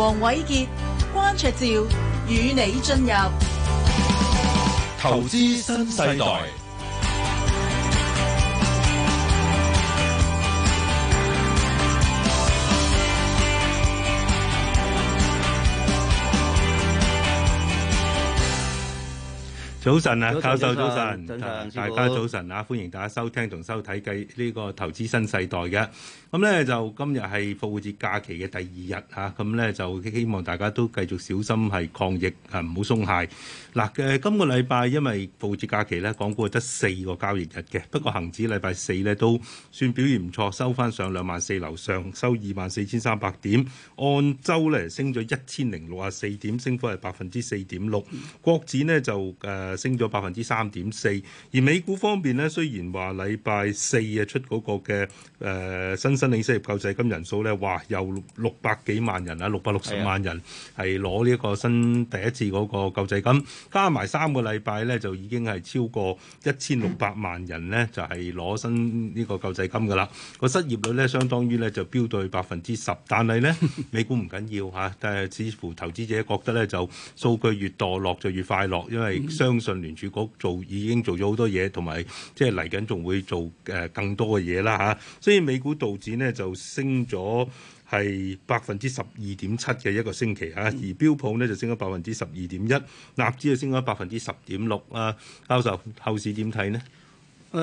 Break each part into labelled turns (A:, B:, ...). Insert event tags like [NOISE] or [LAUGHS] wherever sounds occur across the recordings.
A: 王偉傑、關卓照與你進入
B: 投資新世代。早晨啊，教授早晨，大家早晨啊，歡迎大家收聽同收睇緊呢個《投資新世代》嘅。咁咧就今日係復活節假期嘅第二日嚇，咁咧就希望大家都繼續小心係抗疫，係唔好鬆懈。嗱，誒今個禮拜因為復活節假期咧，港股得四個交易日嘅。不過恒指禮拜四咧都算表現唔錯，收翻上兩萬四樓上，收二萬四千三百點。按周咧升咗一千零六啊四點，升幅係百分之四點六。國指呢就誒升咗百分之三點四。而美股方面呢，雖然話禮拜四啊出嗰個嘅誒新新領失業救濟金人數咧，哇！有六百幾萬人啊，六百六十萬人係攞呢一個新第一次嗰個救濟金，加埋三個禮拜咧，就已經係超過一千六百萬人咧，就係、是、攞新呢個救濟金噶啦。個失業率咧，相當於咧就飆到百分之十，但係咧美股唔緊要吓，但係似乎投資者覺得咧就數據越墮落就越快樂，因為相信聯儲局做已經做咗好多嘢，同埋即係嚟緊仲會做誒更多嘅嘢啦吓，所以美股導致。呢就升咗係百分之十二點七嘅一個星期嚇，而標普呢就升咗百分之十二點一，納指就升咗百分之十點六啊。教授，後市點睇呢？誒，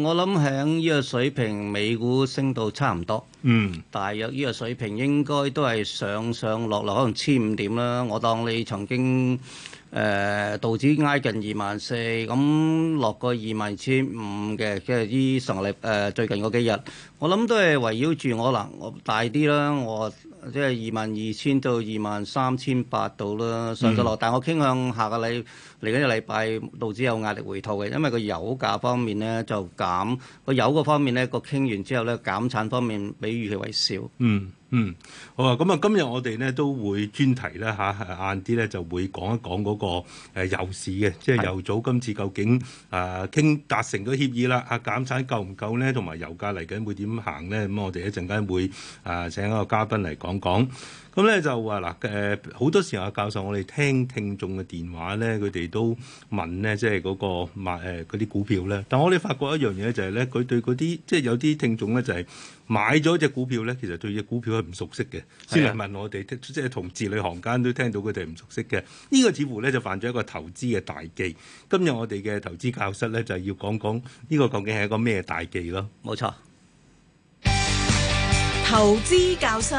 C: 我諗喺呢個水平，美股升到差唔多，
B: 嗯，
C: 大約呢個水平應該都係上上落落，可能千五點啦。我當你曾經。誒、呃、道指挨近二萬四，咁落個二萬千五嘅，即係啲上嚟誒最近嗰幾日，我諗都係圍繞住我能、呃、我大啲啦，我即係二萬二千到二萬三千八度啦，上咗落，嗯、但係我傾向下個禮嚟緊個禮拜道指有壓力回吐嘅，因為個油價方面咧就減，個油個方面咧個
B: 傾完之後咧減產方面比預期為少。嗯。嗯，好啊，咁啊，今日我哋咧都會專題咧嚇，晏啲咧就會講一講嗰個誒油市嘅，的即係油組今次究竟啊傾達成咗協議啦，嚇、啊、減產夠唔夠咧，同埋油價嚟緊會點行咧？咁我哋一陣間會啊請一個嘉賓嚟講講。咁咧、嗯、就話啦，誒、呃、好多時候教授，我哋聽聽眾嘅電話咧，佢哋都問咧，即係嗰、那個買嗰啲股票咧。但我哋發覺一樣嘢就係、是、咧，佢對嗰啲即係有啲聽眾咧，就係、是、買咗隻股票咧，其實對隻股票係唔熟悉嘅，先嚟的問我哋，即係同字裡行間都聽到佢哋唔熟悉嘅。呢、這個似乎咧就犯咗一個投資嘅大忌。今日我哋嘅投資教室咧就係要講講呢個究竟係一個咩大忌咯，冇錯。投資
A: 教室。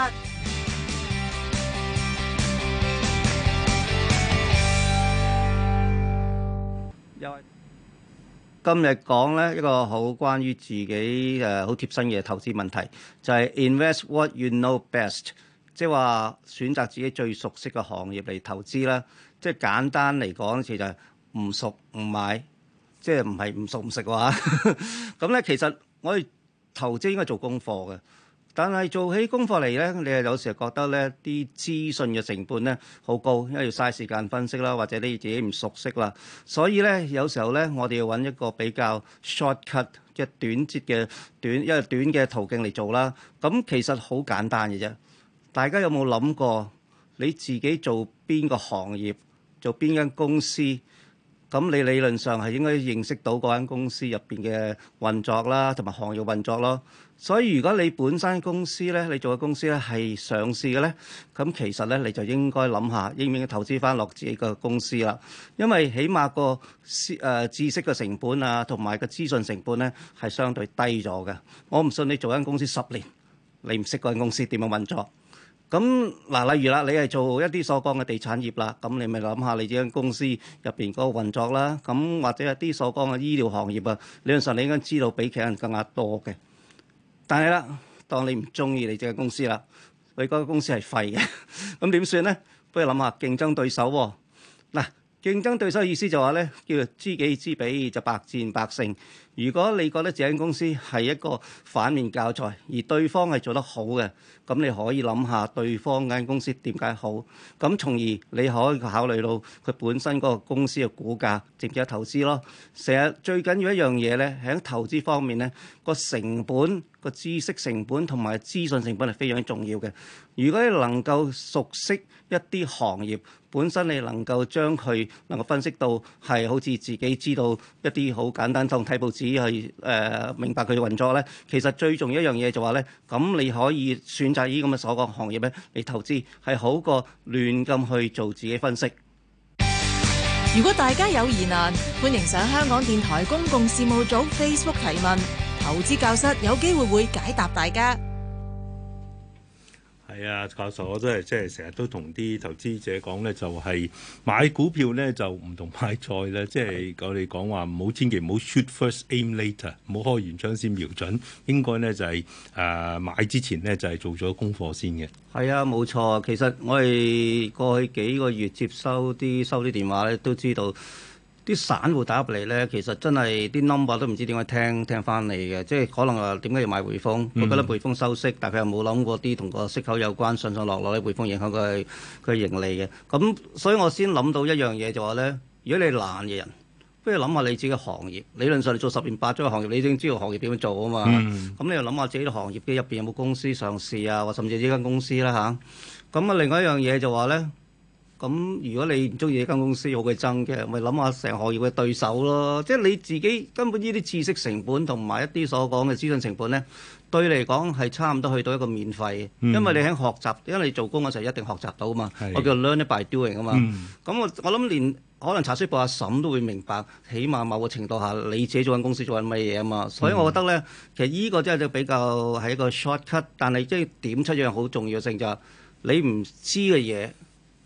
C: 今日講咧一個好關於自己誒好貼身嘅投資問題，就係、是、invest what you know best，即係話選擇自己最熟悉嘅行業嚟投資啦。即係簡單嚟講、就是， [LAUGHS] 其實唔熟唔買，即係唔係唔熟唔食嘅話。咁咧其實我哋投資應該做功課嘅。但係做起功課嚟咧，你係有時覺得咧啲資訊嘅成本咧好高，因為要嘥時間分析啦，或者你自己唔熟悉啦。所以咧，有時候咧，我哋要揾一個比較 short cut 嘅短節嘅短，一個短嘅途徑嚟做啦。咁其實好簡單嘅啫。大家有冇諗過你自己做邊個行業，做邊間公司？咁你理論上係應該認識到嗰間公司入邊嘅運作啦，同埋行業運作咯。所以，如果你本身公司咧，你做嘅公司咧係上市嘅咧，咁其實咧你就應該諗下，應唔應該投資翻落自己個公司啦？因為起碼個誒、呃、知識嘅成本啊，同埋個資訊成本咧係相對低咗嘅。我唔信你做間公司十年，你唔識間公司點樣運作咁嗱、呃。例如啦，你係做一啲所講嘅地產業啦，咁你咪諗下你自己間公司入邊嗰個運作啦。咁或者一啲所講嘅醫療行業啊，理論上你應該知道比其他人更加多嘅。但係啦，當你唔中意你隻公司啦，你嗰個公司係廢嘅，咁點算咧？不如諗下競爭對手喎。嗱，競爭對手嘅意思就話、是、咧，叫知己知彼就百戰百勝。如果你覺得自己間公司係一個反面教材，而對方係做得好嘅，咁你可以諗下對方間公司點解好，咁從而你可以考慮到佢本身嗰個公司嘅股價值唔值得投資咯。成日最緊要一樣嘢咧，喺投資方面咧，個成本、個知識成本同埋資訊成本係非常之重要嘅。如果你能夠熟悉一啲行業，本身你能夠將佢能夠分析到係好似自己知道一啲好簡單，就睇報紙。係誒、呃、明白佢嘅運作咧，其實最重要一樣嘢就話、是、咧，咁你可以選擇呢咁嘅所謂行業咧嚟投資，係好過亂咁去做自己分析。
A: 如果大家有疑難，歡迎上香港電台公共事務組 Facebook 提問，投資教室有機會會解答大家。
B: 係啊，教授我真係即係成日都同啲投資者講咧，就係買股票咧就唔同買菜咧，即係我哋講話唔好千祈唔好 shoot first aim later，唔好開完槍先瞄準，應該咧就係誒買之前咧就係做咗功課先嘅。係啊，冇錯，其實
C: 我哋過去幾個月接收啲收啲電話咧，都知道。啲散戶打入嚟咧，其實真係啲 number 都唔知點解聽聽翻嚟嘅，即係可能話點解要買匯豐？我、嗯、覺得匯豐收息，但佢又冇諗過啲同個息口有關上上落落啲匯豐影響佢佢盈利嘅。咁所以我先諗到一樣嘢就話咧，如果你懶嘅人，不如諗下你自己嘅行業。理論上你做十年八載嘅行業，你已經知道行業點樣做啊嘛。咁、嗯、你又諗下自己嘅行業嘅入邊有冇公司上市啊，或甚至呢間公司啦吓，咁啊，啊另外一樣嘢就話咧。咁如果你唔中意呢間公司，好鬼憎嘅，咪諗下成行業嘅對手咯。即係你自己根本呢啲知識成本同埋一啲所講嘅資訊成本咧，對你嚟講係差唔多去到一個免費，嗯、因為你喺學習，因為你做工嘅時候一定學習到啊嘛。是我叫 learn by doing 啊嘛。咁、嗯、我我諗連可能查書部阿嬸都會明白，起碼某個程度下你自己做緊公司做緊乜嘢啊嘛。所以我覺得咧，嗯、其實呢個真係就比較係一個 shortcut，但係即係點出一樣好重要性就係、是、你唔知嘅嘢。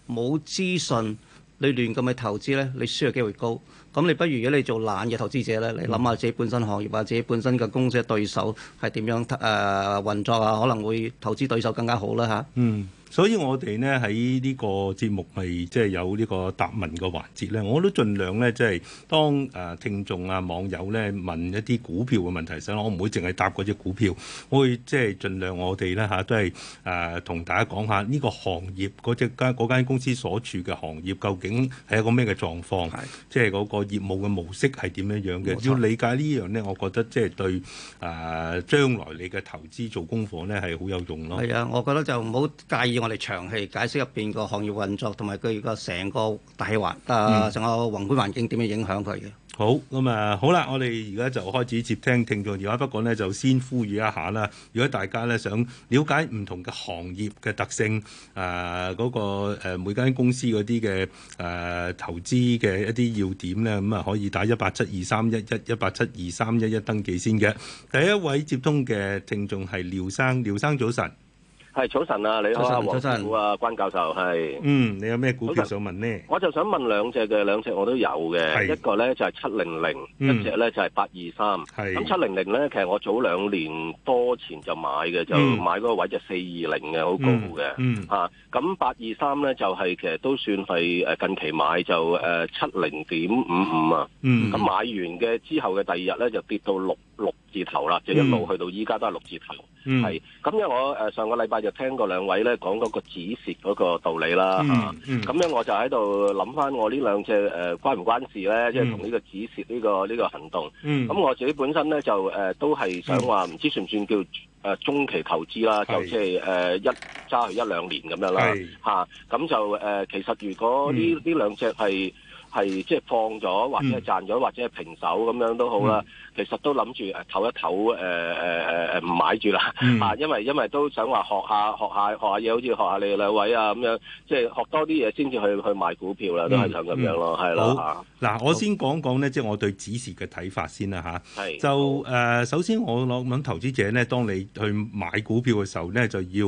C: 冇資訊，你亂咁去投資呢，你輸嘅機會高。咁你不如如果你做懶嘅投資者呢，你諗下自己本身行業或者自己本身嘅公司嘅對手係點
B: 樣誒、呃、運作啊？可能會投資對手更加好啦吓。啊、嗯。所以我哋呢喺呢個節目係即係有呢個答問嘅環節咧，我都盡量咧即係當誒聽眾啊，網友咧問一啲股票嘅問題上，我唔會淨係答嗰隻股票，我會即係盡量我哋咧吓都係誒同大家講下呢個行業嗰隻間嗰間公司所處嘅行業究竟係一個咩嘅狀況，係即係嗰個業務嘅模式係點樣樣嘅。冇錯。要理解呢樣咧，我覺得即係對誒將來你嘅投資做功課咧係好有用咯。係啊，我覺得就唔好、啊、介意。我哋長期解釋
C: 入邊個行業運作，同埋佢個成個大環，啊、嗯，成個宏觀環境點樣影響
B: 佢嘅。好，咁啊，好啦，我哋而家就開始接聽聽眾電話。不過呢，就先呼籲一下啦。如果大家呢想了解唔同嘅行業嘅特性，啊、呃，嗰、嗰個、呃、每間公司嗰啲嘅誒投資嘅一啲要點呢，咁啊可以打一八七二三一一一八七二三一一登記先嘅。第一位接通嘅聽眾係廖生，廖生早晨。
D: 係早晨啊，你好、啊、黃少虎啊，關教授係。
B: 嗯，你有咩股票想問呢？我
D: 就想問兩隻嘅，兩隻我都有嘅。是一個咧就係七零零，一隻咧就係八二三。係咁七零零咧，其實我早兩年多前就買嘅，就買嗰個位、嗯嗯啊、就四二零嘅，好高嘅。吓咁八二三咧就係其實都算係誒近期買就誒七零點五五啊。咁、嗯、買完嘅之後嘅第二日咧就跌到六六。字頭啦，就一路去到依家都係六字頭，係咁因為我誒上個禮拜就聽過兩位咧講嗰個止蝕嗰個道理啦吓，咁樣我就喺度諗翻我呢兩隻誒關唔關事咧，即係同呢個止蝕呢個呢個行動，咁我自己本身咧就誒都係想話唔知算唔算叫誒中期投資啦，就即係誒一揸去一兩年咁樣啦吓，咁就誒其實如果呢呢兩隻係係即係放咗，或者係賺咗，或者係平手咁樣都好啦。其實都諗住誒唞一唞誒誒誒誒唔買住啦
B: 吓，嗯、因
D: 為因為都想話學下學下學下嘢，好似學下你兩位啊，咁樣，即係學多啲嘢先至去去買股票啦，都係想咁樣咯，係
B: 咯。嗱，我先講講呢，即係我對止蝕嘅睇法先啦吓。係就誒、呃，首先我諗，投資者呢，當你去買股票嘅時候呢，就要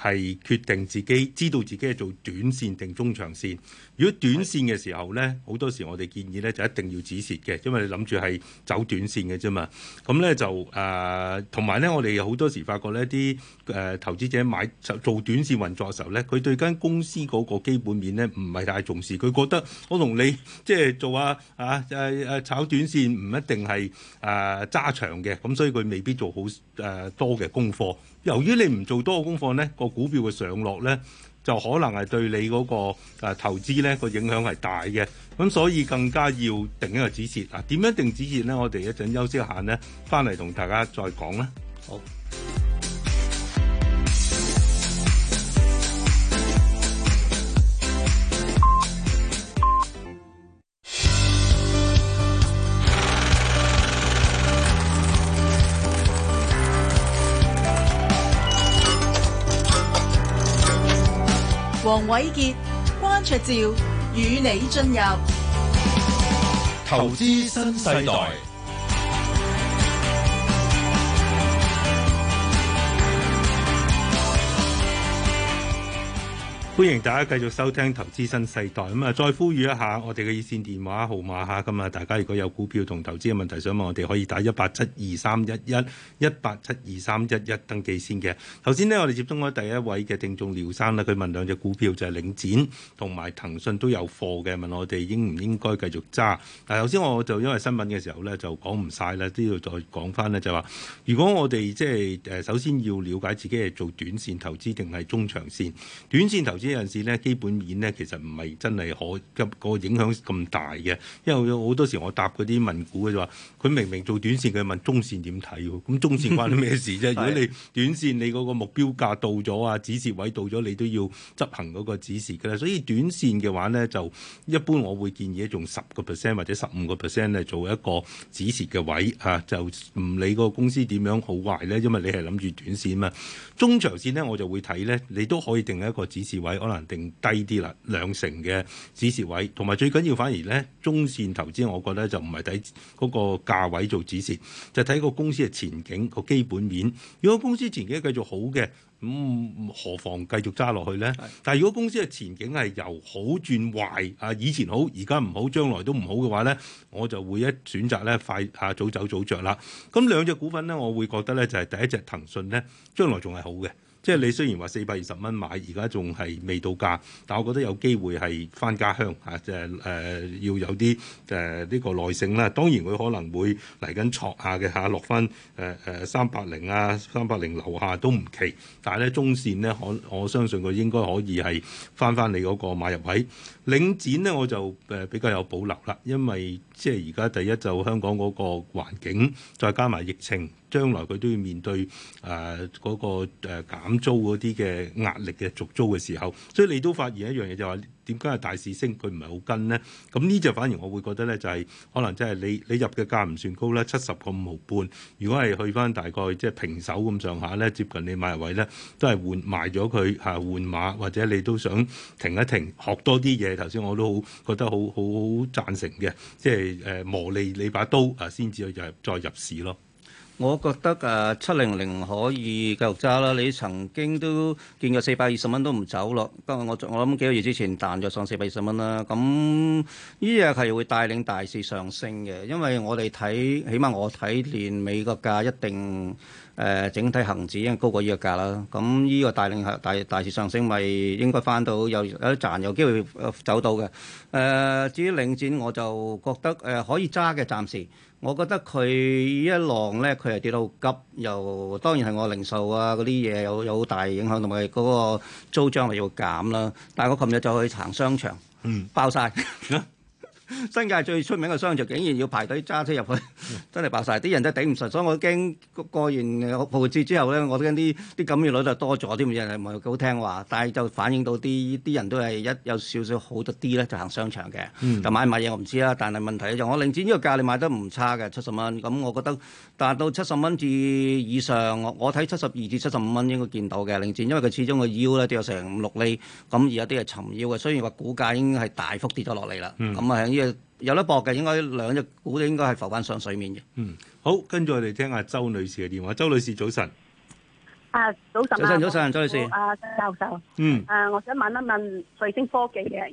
B: 係決定自己知道自己係做短綫定中長綫。如果短綫嘅時候呢，好多時我哋建議呢，就一定要止蝕嘅，因為你諗住係走短綫嘅啫嘛，咁咧就誒，同埋咧，我哋好多時發覺咧，啲誒投資者買做短線運作嘅時候咧，佢對間公司嗰個基本面咧唔係太重視，佢覺得我同你即係做下啊誒誒炒短線唔一定係誒揸長嘅，咁所以佢未必做好誒多嘅功課。由於你唔做多嘅功課咧，個股票嘅上落咧，就可能係對你嗰、那個、啊、投資咧個影響係大嘅，咁所以更加要定一個止蝕啊。點樣定止蝕咧？我哋一陣休息一下咧，翻嚟同大家再講啦。好。
D: 王
A: 偉杰、關卓照與你進入
B: 投資新世代。歡迎大家繼續收聽投資新世代，咁啊！再呼籲一下我哋嘅熱線電話號碼吓，咁啊！大家如果有股票同投資嘅問題想問，我哋可以打一八七二三一一一八七二三一一登記先嘅。頭先呢，我哋接通咗第一位嘅聽眾廖生啦，佢問兩隻股票就係領展同埋騰訊都有貨嘅，問我哋應唔應該繼續揸？但係，頭先我就因為新聞嘅時候呢，就講唔晒啦，都要再講翻呢，就話，如果我哋即係誒，首先要了解自己係做短綫投資定係中長綫，短綫投資。呢陣時咧，基本面咧，其實唔係真係可急個影響咁大嘅。因為好多時我答嗰啲問股嘅就話，佢明明做短線，佢問中線點睇？咁中線關你咩事啫？ [LAUGHS] 如果你短線你嗰個目標價到咗啊，指示位到咗，你都要執行嗰個指示嘅啦。所以短線嘅話咧，就一般我會建議用十個 percent 或者十五個 percent 嚟做一個指示嘅位啊，就唔理個公司點樣好壞咧，因為你係諗住短線啊，中長線咧，我就會睇咧，你都可以定一個指示位。可能定低啲啦，兩成嘅指示位，同埋最緊要反而咧，中線投資我覺得就唔係睇嗰個價位做指示，就睇、是、個公司嘅前景個基本面。如果公司前景繼續好嘅，咁、嗯、何妨繼續揸落去咧？是但係如果公司嘅前景係由好轉壞，啊以前好，而家唔好，將來都唔好嘅話咧，我就會一選擇咧快啊早走早着啦。咁兩隻股份咧，我會覺得咧就係、是、第一隻騰訊咧，將來仲係好嘅。即係你雖然話四百二十蚊買，而家仲係未到價，但我覺得有機會係翻家鄉嚇，即係誒要有啲誒呢個耐性啦。當然佢可能會嚟緊戳下嘅嚇，落翻誒誒三百零啊，三百零樓下都唔奇。但係咧中線咧，可我，我相信佢應該可以係翻翻你嗰個買入位，領展咧，我就誒、呃、比較有保留啦，因為即係而家第一就香港嗰個環境，再加埋疫情，將來佢都要面對誒嗰、呃那個誒、呃、減租嗰啲嘅壓力嘅續租嘅時候，所以你都發現一樣嘢就係、是。點解係大市升佢唔係好跟咧？咁呢就反而我會覺得咧，就係可能真係你你入嘅價唔算高啦，七十個五毫半。如果係去翻大概即係平手咁上下咧，接近你買入位咧，都係換賣咗佢吓換馬，或者你都想停一停，學多啲嘢。頭先我都好覺得好好贊成嘅，即係誒磨利你，你把刀啊，先至再入再入市咯。我覺得誒、呃、七零零
C: 可以繼續揸啦。你曾經都見過四百二十蚊都唔走咯。不過我我諗幾個月之前彈咗上四百二十蚊啦。咁呢樣係會帶領大市上升嘅，因為我哋睇，起碼我睇年尾個價一定誒、呃、整體恒指已經高過呢個價啦。咁呢個帶領大大市上升，咪應該翻到有有賺，有機會走到嘅。誒、呃、至於領展，我就覺得誒、呃、可以揸嘅，暫時。我覺得佢一浪咧，佢係跌到好急，又當然係我零售啊，嗰啲嘢有有好大影響，同埋嗰個租漲係要減啦。但係我琴日就去行商場，嗯，爆晒光。 [LAUGHS] 新界最出名嘅商場，竟然要排隊揸車入去，真係爆曬啲人，真係頂唔順，所以我驚過完佈置之後咧，我驚啲啲感染率都係多咗添，人唔係好聽話，但係就反映到啲啲人都係一有少少好得啲咧，就行商場嘅，就買唔買嘢我唔知啦，但係問題就我領展呢個價你買得唔差嘅七十蚊，咁我覺得達到七十蚊至以上，我我睇七十二至七十五蚊應該見到嘅領展，因為佢始終個腰咧都有成五六釐，咁而有啲係沉腰嘅，雖然話股價應該係大幅跌咗落嚟啦，咁啊喺。有得搏嘅，應該兩隻
B: 股都應該係浮翻上水面嘅。嗯，好，跟住我哋聽下周女士嘅電話。周女士，早晨。
A: 啊，早晨啊，早晨，早晨，周女士。啊，教授。嗯。啊，我想問一問瑞星科技嘅二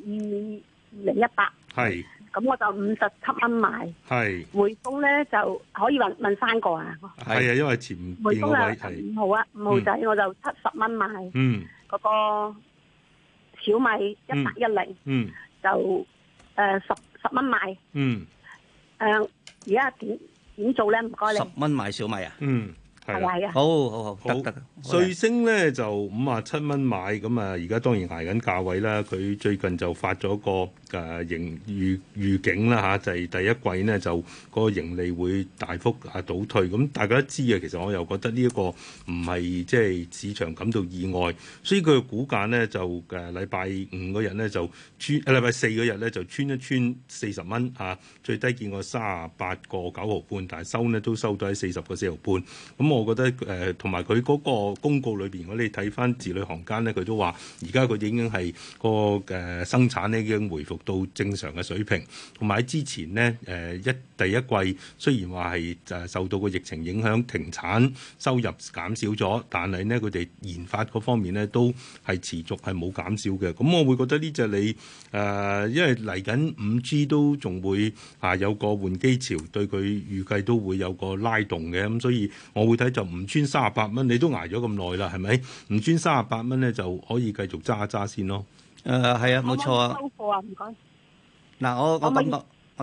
A: 零一八。係。咁我就五十七蚊買。
B: 係。
A: 匯豐咧就可以問問三個啊。
B: 係啊，因為前邊嘅問題。
A: 匯豐啊，好啊，五號仔我就七十蚊買。嗯。嗰個小米一百一零。嗯。就誒十十蚊賣，嗯，誒，而家點點做咧？唔該，你。十
B: 蚊買小米啊，嗯。係，好好好得得。瑞聲咧就五啊七蚊買，咁啊而家當然捱緊價位啦。佢最近就發咗個誒盈、啊、預預警啦嚇、啊，就係、是、第一季呢，就個盈利會大幅啊倒退。咁、啊、大家知啊，其實我又覺得呢一個唔係即係市場感到意外，所以佢嘅股價呢，就誒禮拜五嗰日呢，就穿，禮、啊、拜四嗰日呢，就穿一穿四十蚊啊，最低見過三啊八個九毫半，但係收呢都收到喺四十個四毫半咁。啊我覺得誒，同埋佢嗰個公告裏邊如果你睇翻字裏行間咧，佢都話而家佢已經係個誒生產咧已經回復到正常嘅水平，同埋之前呢，誒一第一季雖然話係誒受到個疫情影響停產，收入減少咗，但係呢，佢哋研發嗰方面呢，都係持續係冇減少嘅。咁我會覺得呢隻你誒，因為嚟緊五 G 都仲會啊有個換機潮，對佢預計都會有個拉動嘅。咁所以我會。就唔穿三十八蚊，你都挨咗咁耐啦，係咪？唔穿三十八蚊咧，就可以繼續揸一揸先咯。誒、呃，係啊，冇錯啊。收貨啊，唔該。嗱，我我咁個，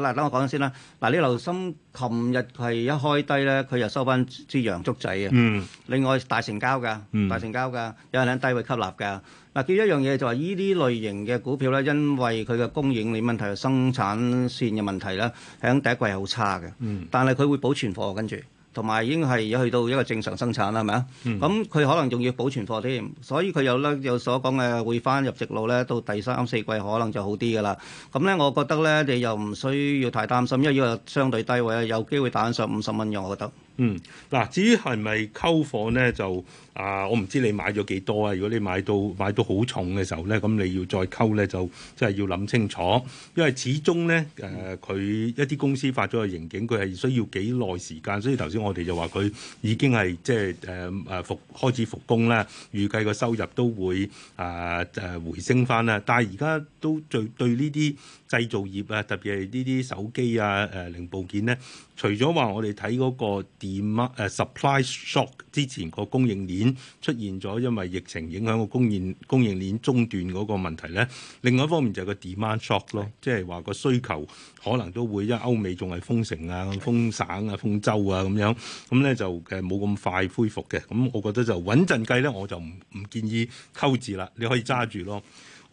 B: 嗱不，等我講先啦。嗱，
C: 呢留心，琴日係一開低咧，佢又收翻支陽燭仔啊。嗯。另外大成交噶，大成交噶、嗯，有人喺低位吸納噶。嗱，佢一樣嘢就係呢啲類型嘅股票咧，因為佢嘅供應鏈問題係生產線嘅問題啦，喺第一季係好差嘅。嗯。但係佢會保存貨，跟住。同埋已經係有去到一個正常生產啦，係咪啊？咁佢、嗯、可能仲要保存貨添，所以佢有咧有所講嘅會翻入直路咧，到第三四季可能就好啲噶啦。咁咧，我覺得咧，你又唔需要太擔心，因為呢個
B: 相對低位咧，有機會打上五十蚊嘅，我覺得。嗯，嗱，至於係咪溝貨咧，就啊、呃，我唔知你買咗幾多啊。如果你買到買到好重嘅時候咧，咁你要再溝咧，就即係、就是、要諗清楚，因為始終咧誒，佢、呃、一啲公司發咗個盈警，佢係需要幾耐時間。所以頭先我哋就話佢已經係即係誒誒復開始復工啦，預計個收入都會啊誒、呃呃、回升翻啦。但係而家都最對呢啲製造業啊，特別係呢啲手機啊誒、呃、零部件咧。除咗話我哋睇嗰個 demand 誒、uh, supply shock 之前個供應鏈出現咗，因為疫情影響個供應供應鏈中斷嗰個問題咧，另外一方面就係個 demand shock 咯，即係話個需求可能都會因為歐美仲係封城啊、封省啊、封州啊咁樣，咁咧就誒冇咁快恢復嘅。咁我覺得就穩陣計咧，我就唔唔建議溝字啦，你可以揸住咯。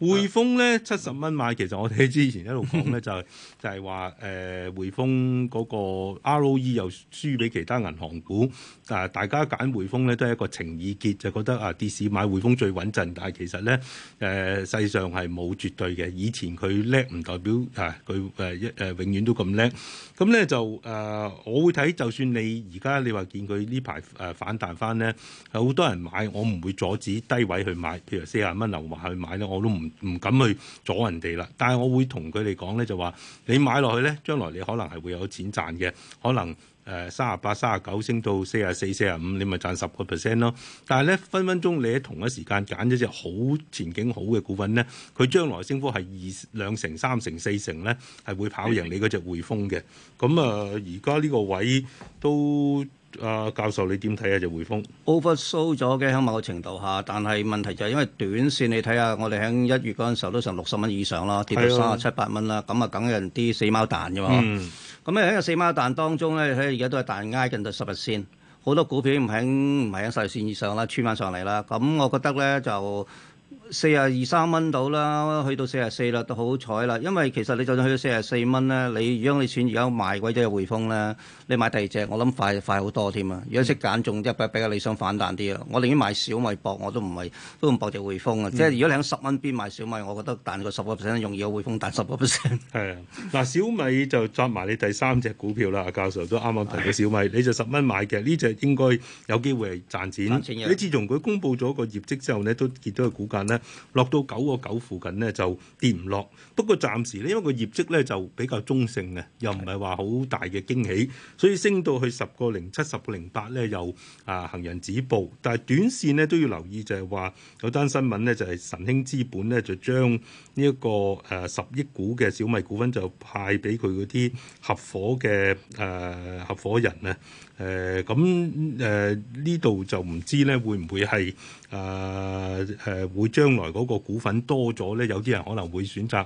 B: 匯豐咧七十蚊買，其實我哋之前一路講咧就係就係話誒匯豐嗰個 ROE 又輸俾其他銀行股，啊、呃、大家揀匯豐咧都係一個情意結，就覺得啊跌市買匯豐最穩陣。但係其實咧誒、呃、世上係冇絕對嘅，以前佢叻唔代表嚇佢誒一誒永遠都咁叻。咁咧就誒、呃、我會睇，就算你而家你話見佢呢排誒反彈翻咧，有好多人買，我唔會阻止低位去買，譬如四十蚊流埋去買咧，我都唔。唔敢去阻人哋啦，但係我會同佢哋講咧，就話、是、你買落去咧，將來你可能係會有錢賺嘅，可能誒三十八、三十九升到四十四、四十五，你咪賺十個 percent 咯。但係咧，分分鐘你喺同一時間揀咗隻好前景好嘅股份咧，佢將來升幅係二兩成、三成、四成咧，係會跑贏你嗰隻匯豐嘅。咁、嗯、啊，而家呢個位都。阿教授你點睇啊？就匯豐
C: oversold 咗嘅喺某個程度下，但係問題就係因為短線你睇下，我哋喺一月嗰陣時候都成六十蚊以上啦，跌到三十七八蚊啦，咁啊梗人啲死貓彈啫嘛。咁咧喺個死貓彈當中咧，喺而家都係彈挨近到十日線，好多股票唔喺唔喺十日線以上啦，穿翻上嚟啦。咁我覺得咧就。四十二三蚊到啦，去到四十四啦，都好彩啦。因為其實你就算去到四十四蚊咧，你如果你錢而家賣鬼咗嘅匯豐咧，你買第二隻，我諗快快好多添啊。如果識揀，中一啲比較理想反彈啲啊。我寧願買小米博，我都唔係都唔博隻匯豐啊。嗯、即係如果你喺十蚊邊買小米，我覺得
B: 彈個十個 percent 容易有匯豐彈十個 percent。係 [LAUGHS] 啊，嗱小米就夾埋你第三隻股票啦、啊，教授都啱啱提到小米，是你就十蚊買嘅呢隻應該有機會係賺錢。賺錢你自從佢公布咗個業績之後咧，都見到個股價咧。落到九個九附近呢，就跌唔落，不過暫時呢，因為個業績呢，就比較中性嘅，又唔係話好大嘅驚喜，所以升到去十個零七、十個零八呢，又啊行人止步，但係短線呢，都要留意就係話有單新聞呢，就係晨興資本呢，就將呢一個誒十億股嘅小米股份就派俾佢嗰啲合伙嘅誒合伙人呢，誒咁誒呢度就唔知咧，會唔會係誒誒會將來嗰個股份多咗咧？有啲人可能會選擇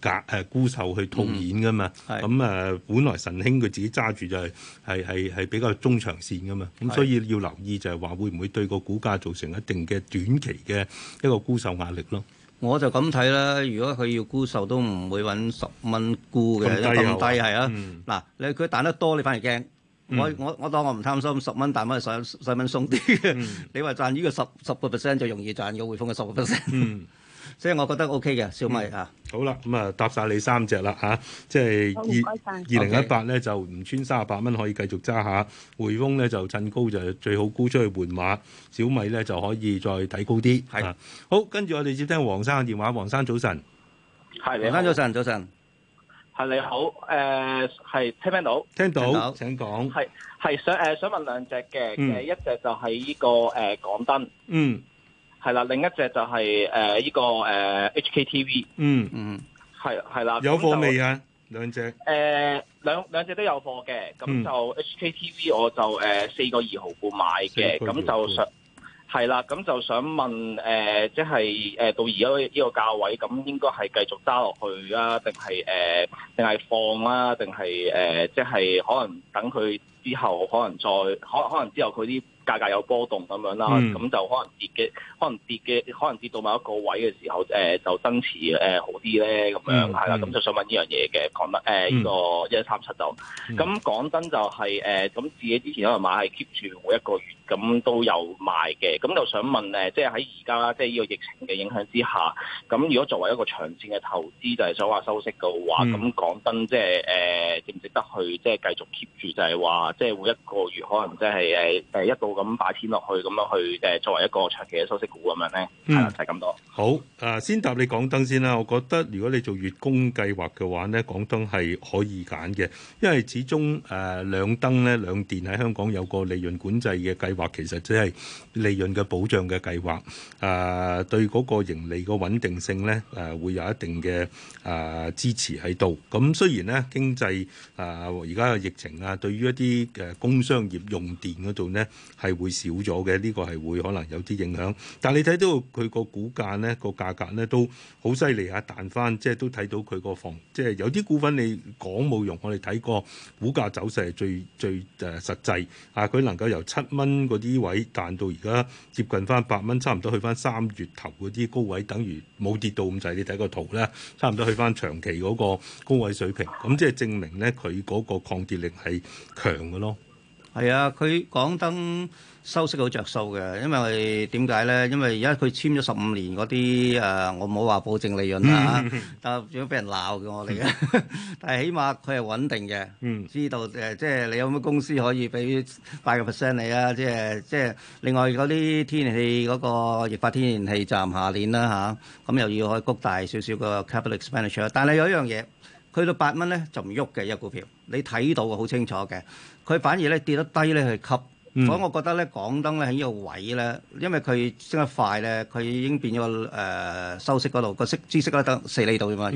B: 隔誒沽售去套現噶嘛。咁誒、嗯嗯呃，本來神興佢自己揸住就係係係係比較中長線噶嘛。咁是所以要留意就係話會唔會對個股價造成一定嘅短期嘅一個沽售壓力咯？我就咁睇啦。
C: 如果佢要沽售都唔會揾十蚊沽嘅咁低，係、嗯、啊嗱，你、嗯、佢彈得多，你反而驚。我我我當我唔貪心，十蚊大蚊，上細蚊送啲。 [LAUGHS] 你話賺呢個十十個 percent 就容易賺嘅匯豐嘅十個 percent，所以我覺得 OK 嘅
B: 小米啊、 [NOISE] 嗯。好啦，咁啊搭晒你三隻啦嚇、啊，即係二二零一八咧就唔穿三十八蚊可以繼續揸下匯豐咧就趁高就最好沽出去換馬，小米咧就可以再睇高啲。係的、啊，好跟住我哋接聽黃生嘅電話。黃生早晨，係，黃生早晨早晨。
E: 係你好，誒係聽唔聽到？聽
B: 到，聽到請講
E: 說。係係想誒、呃、想問兩隻嘅嘅、嗯、一隻就係呢、這個誒、呃、港燈，嗯，係啦的，另一隻就係誒呢個誒 H K T V，嗯
B: 嗯，
E: 係係啦，有貨未啊？兩隻誒、呃、兩兩隻都有貨嘅，咁、嗯、就 H K T V 我就誒四個二毫半買嘅，咁就上。係啦，咁就想問，誒、呃，即係，誒，到而家呢個價位，咁應該係繼續揸落去啊，定係誒，定、呃、係放啊，定係誒，即、呃、係、即係、可能等佢之後，可能再，可可能之後佢啲。價格有波動咁樣啦，咁、嗯、就可能跌嘅，可能跌嘅，可能跌到某一個位嘅時候，誒、呃、就增持誒、呃、好啲咧，咁樣係啦，咁、嗯、就想問呢樣嘢嘅，講得誒呢個一三七就，咁講、嗯、真就係、是、誒，咁、呃、自己之前可能買係 keep 住每一個月，咁都有賣嘅，咁就想問誒、呃，即係喺而家即係呢個疫情嘅影響之下，咁如果作為一個長線嘅投資，就係、是、想話收息嘅話，咁講、嗯、真即係誒值唔值得去即係繼續 keep 住就，就係話即係每一個月可能即係誒誒一個，一個。咁擺錢落去咁樣去誒，作為一個長期嘅收息股咁樣
B: 咧，嗯，就係咁多。好，誒先答你港燈先啦。我覺得如果你做月供計劃嘅話咧，港燈係可以揀嘅，因為始終誒、呃、兩燈咧兩電喺香港有個利潤管制嘅計劃，其實即係利潤嘅保障嘅計劃。誒、呃、對嗰個盈利嘅穩定性咧誒、呃，會有一定嘅誒、呃、支持喺度。咁雖然咧經濟誒而家嘅疫情啊，對於一啲誒工商業用電嗰度咧係，係會少咗嘅，呢個係會可能有啲影響。但你睇到佢個股價呢，個價格呢都好犀利啊！彈翻，即係都睇到佢個房，即係有啲股份你講冇用，我哋睇個股價走勢係最最誒實際啊！佢能夠由七蚊嗰啲位彈到而家接近翻八蚊，差唔多去翻三月頭嗰啲高位，等於冇跌到咁滯。你睇個圖咧，差唔多去翻長期嗰個高位水平。咁即係證明咧，佢嗰個抗跌力係強嘅咯。係啊，佢港燈收息好著數嘅，
C: 因為點解咧？因為而家佢簽咗十五年嗰啲誒，我冇話保證利潤啦嚇，但係最多俾人鬧嘅我哋嘅。但係起碼佢係穩定嘅，知道誒，即係你有乜公司可以俾八個 percent 你啊？即係即係另外嗰啲天然氣嗰個液化天然氣站，下年啦嚇，咁又要可以谷大少少個 capital expenditure。但係有一樣嘢，去到八蚊咧就唔喐嘅一股票，你睇到嘅好清楚嘅。佢反而咧跌得低咧，去吸。所以我覺得咧，港燈咧喺呢個位咧，因為佢升得快咧，佢已經變咗誒收息嗰度個息孳息咧得四釐度㗎嘛。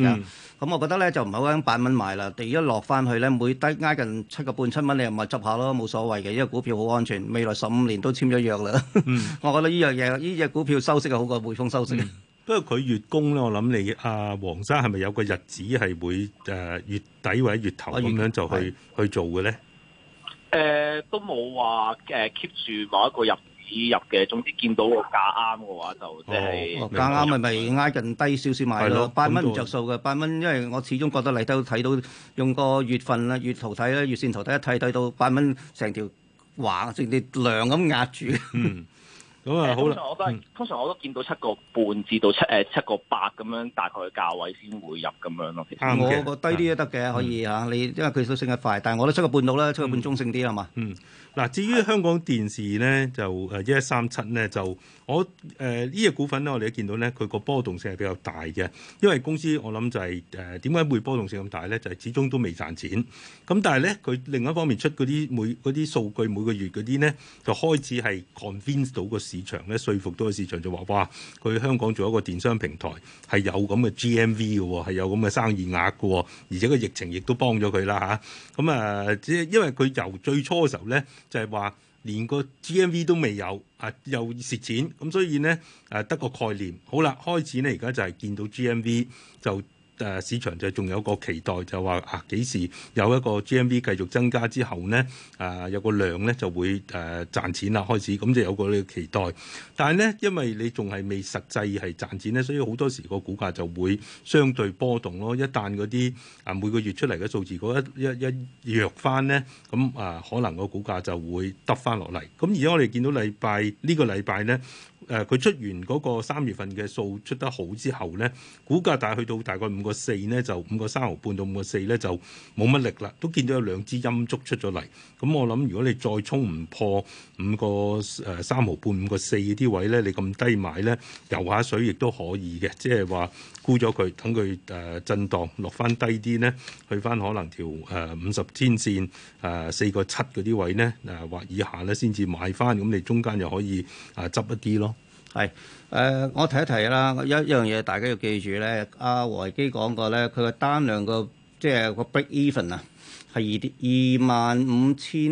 C: 咁我覺得咧就唔好揾八蚊買啦。第二一落翻去咧，每低挨近七個半七蚊，你又咪執下咯，冇所謂嘅。因為股票好安全，未來十五年都簽咗約啦。
B: 我覺得呢樣嘢呢隻股票收息係好過匯豐收息。不過佢月供咧，我諗你阿黃生係咪有個日子係會誒月底或者月頭咁樣就去去做嘅咧？
E: 誒，uh, 都冇話誒 keep 住某一個入市入嘅，總之見到個價啱嘅話就即係價啱，咪咪
C: 挨近低少少買咯？八蚊唔着數嘅，八蚊 8 元，因為我始終覺得嚟都睇到，用個月份啦、月圖睇啦、月線圖睇一睇，睇到八蚊成條橫成條梁咁壓住。嗯。咁啊好啦，嗯、通常我都係、嗯、
E: 通常我都見到七個半至到七誒、呃、七個八咁樣大概嘅價位先會入咁樣咯。其實嗯、我個低啲都得
C: 嘅，可以嚇、嗯、你，因為佢都升得快，但係我都七
B: 個半到啦，七個半中性啲係嘛？嗯，嗱吧、嗯，至於香港電視咧就誒一三七咧就我誒呢隻股份咧，我哋都見到咧佢個波動性係比較大嘅，因為公司我諗就係誒點解會波動性咁大咧？就係、是、始終都未賺錢，咁但係咧佢另一方面出嗰啲每嗰啲數據每個月嗰啲咧就開始係 convinced 到個。市場咧說服到個市場就話：哇！佢香港做一個電商平台係有咁嘅 GMV 嘅，係有咁嘅生意額嘅，而且個疫情亦都幫咗佢啦吓，咁啊，即係因為佢由最初嘅時候咧，就係話連個 GMV 都未有啊，又蝕錢，咁所以咧誒得個概念。好啦，開始咧而家就係見到 GMV 就。誒市場就仲有個期待，就話啊幾時有一個 GMV 繼續增加之後呢，誒、啊、有個量呢就會誒、啊、賺錢啦，開始咁就有個呢個期待。但係呢，因為你仲係未實際係賺錢呢，所以好多時個股價就會相對波動咯。一旦嗰啲啊每個月出嚟嘅數字嗰一一一,一弱翻呢，咁啊可能個股價就會耷翻落嚟。咁而家我哋見到禮拜呢、呢個禮拜呢。誒佢、啊、出完嗰個三月份嘅數出得好之後咧，股價大去到大概五個四咧，就五個三毫半到五個四咧就冇乜力啦。都見到有兩支陰燭出咗嚟，咁、嗯、我諗如果你再衝唔破五個誒三毫半五個四啲位咧，你咁低買咧游下水亦都可以嘅，即係話沽咗佢，等佢誒震盪落翻低啲咧，去翻可能條誒五十天線誒四個七嗰啲位咧誒或以下咧先至買翻，咁你中間又可以誒執、呃、一啲咯。係，誒、呃、我提一提啦，一一樣嘢大家要記住咧。阿、啊、
C: 黃基講過咧，佢個單量個即係個 break even 啊，係二點二萬五千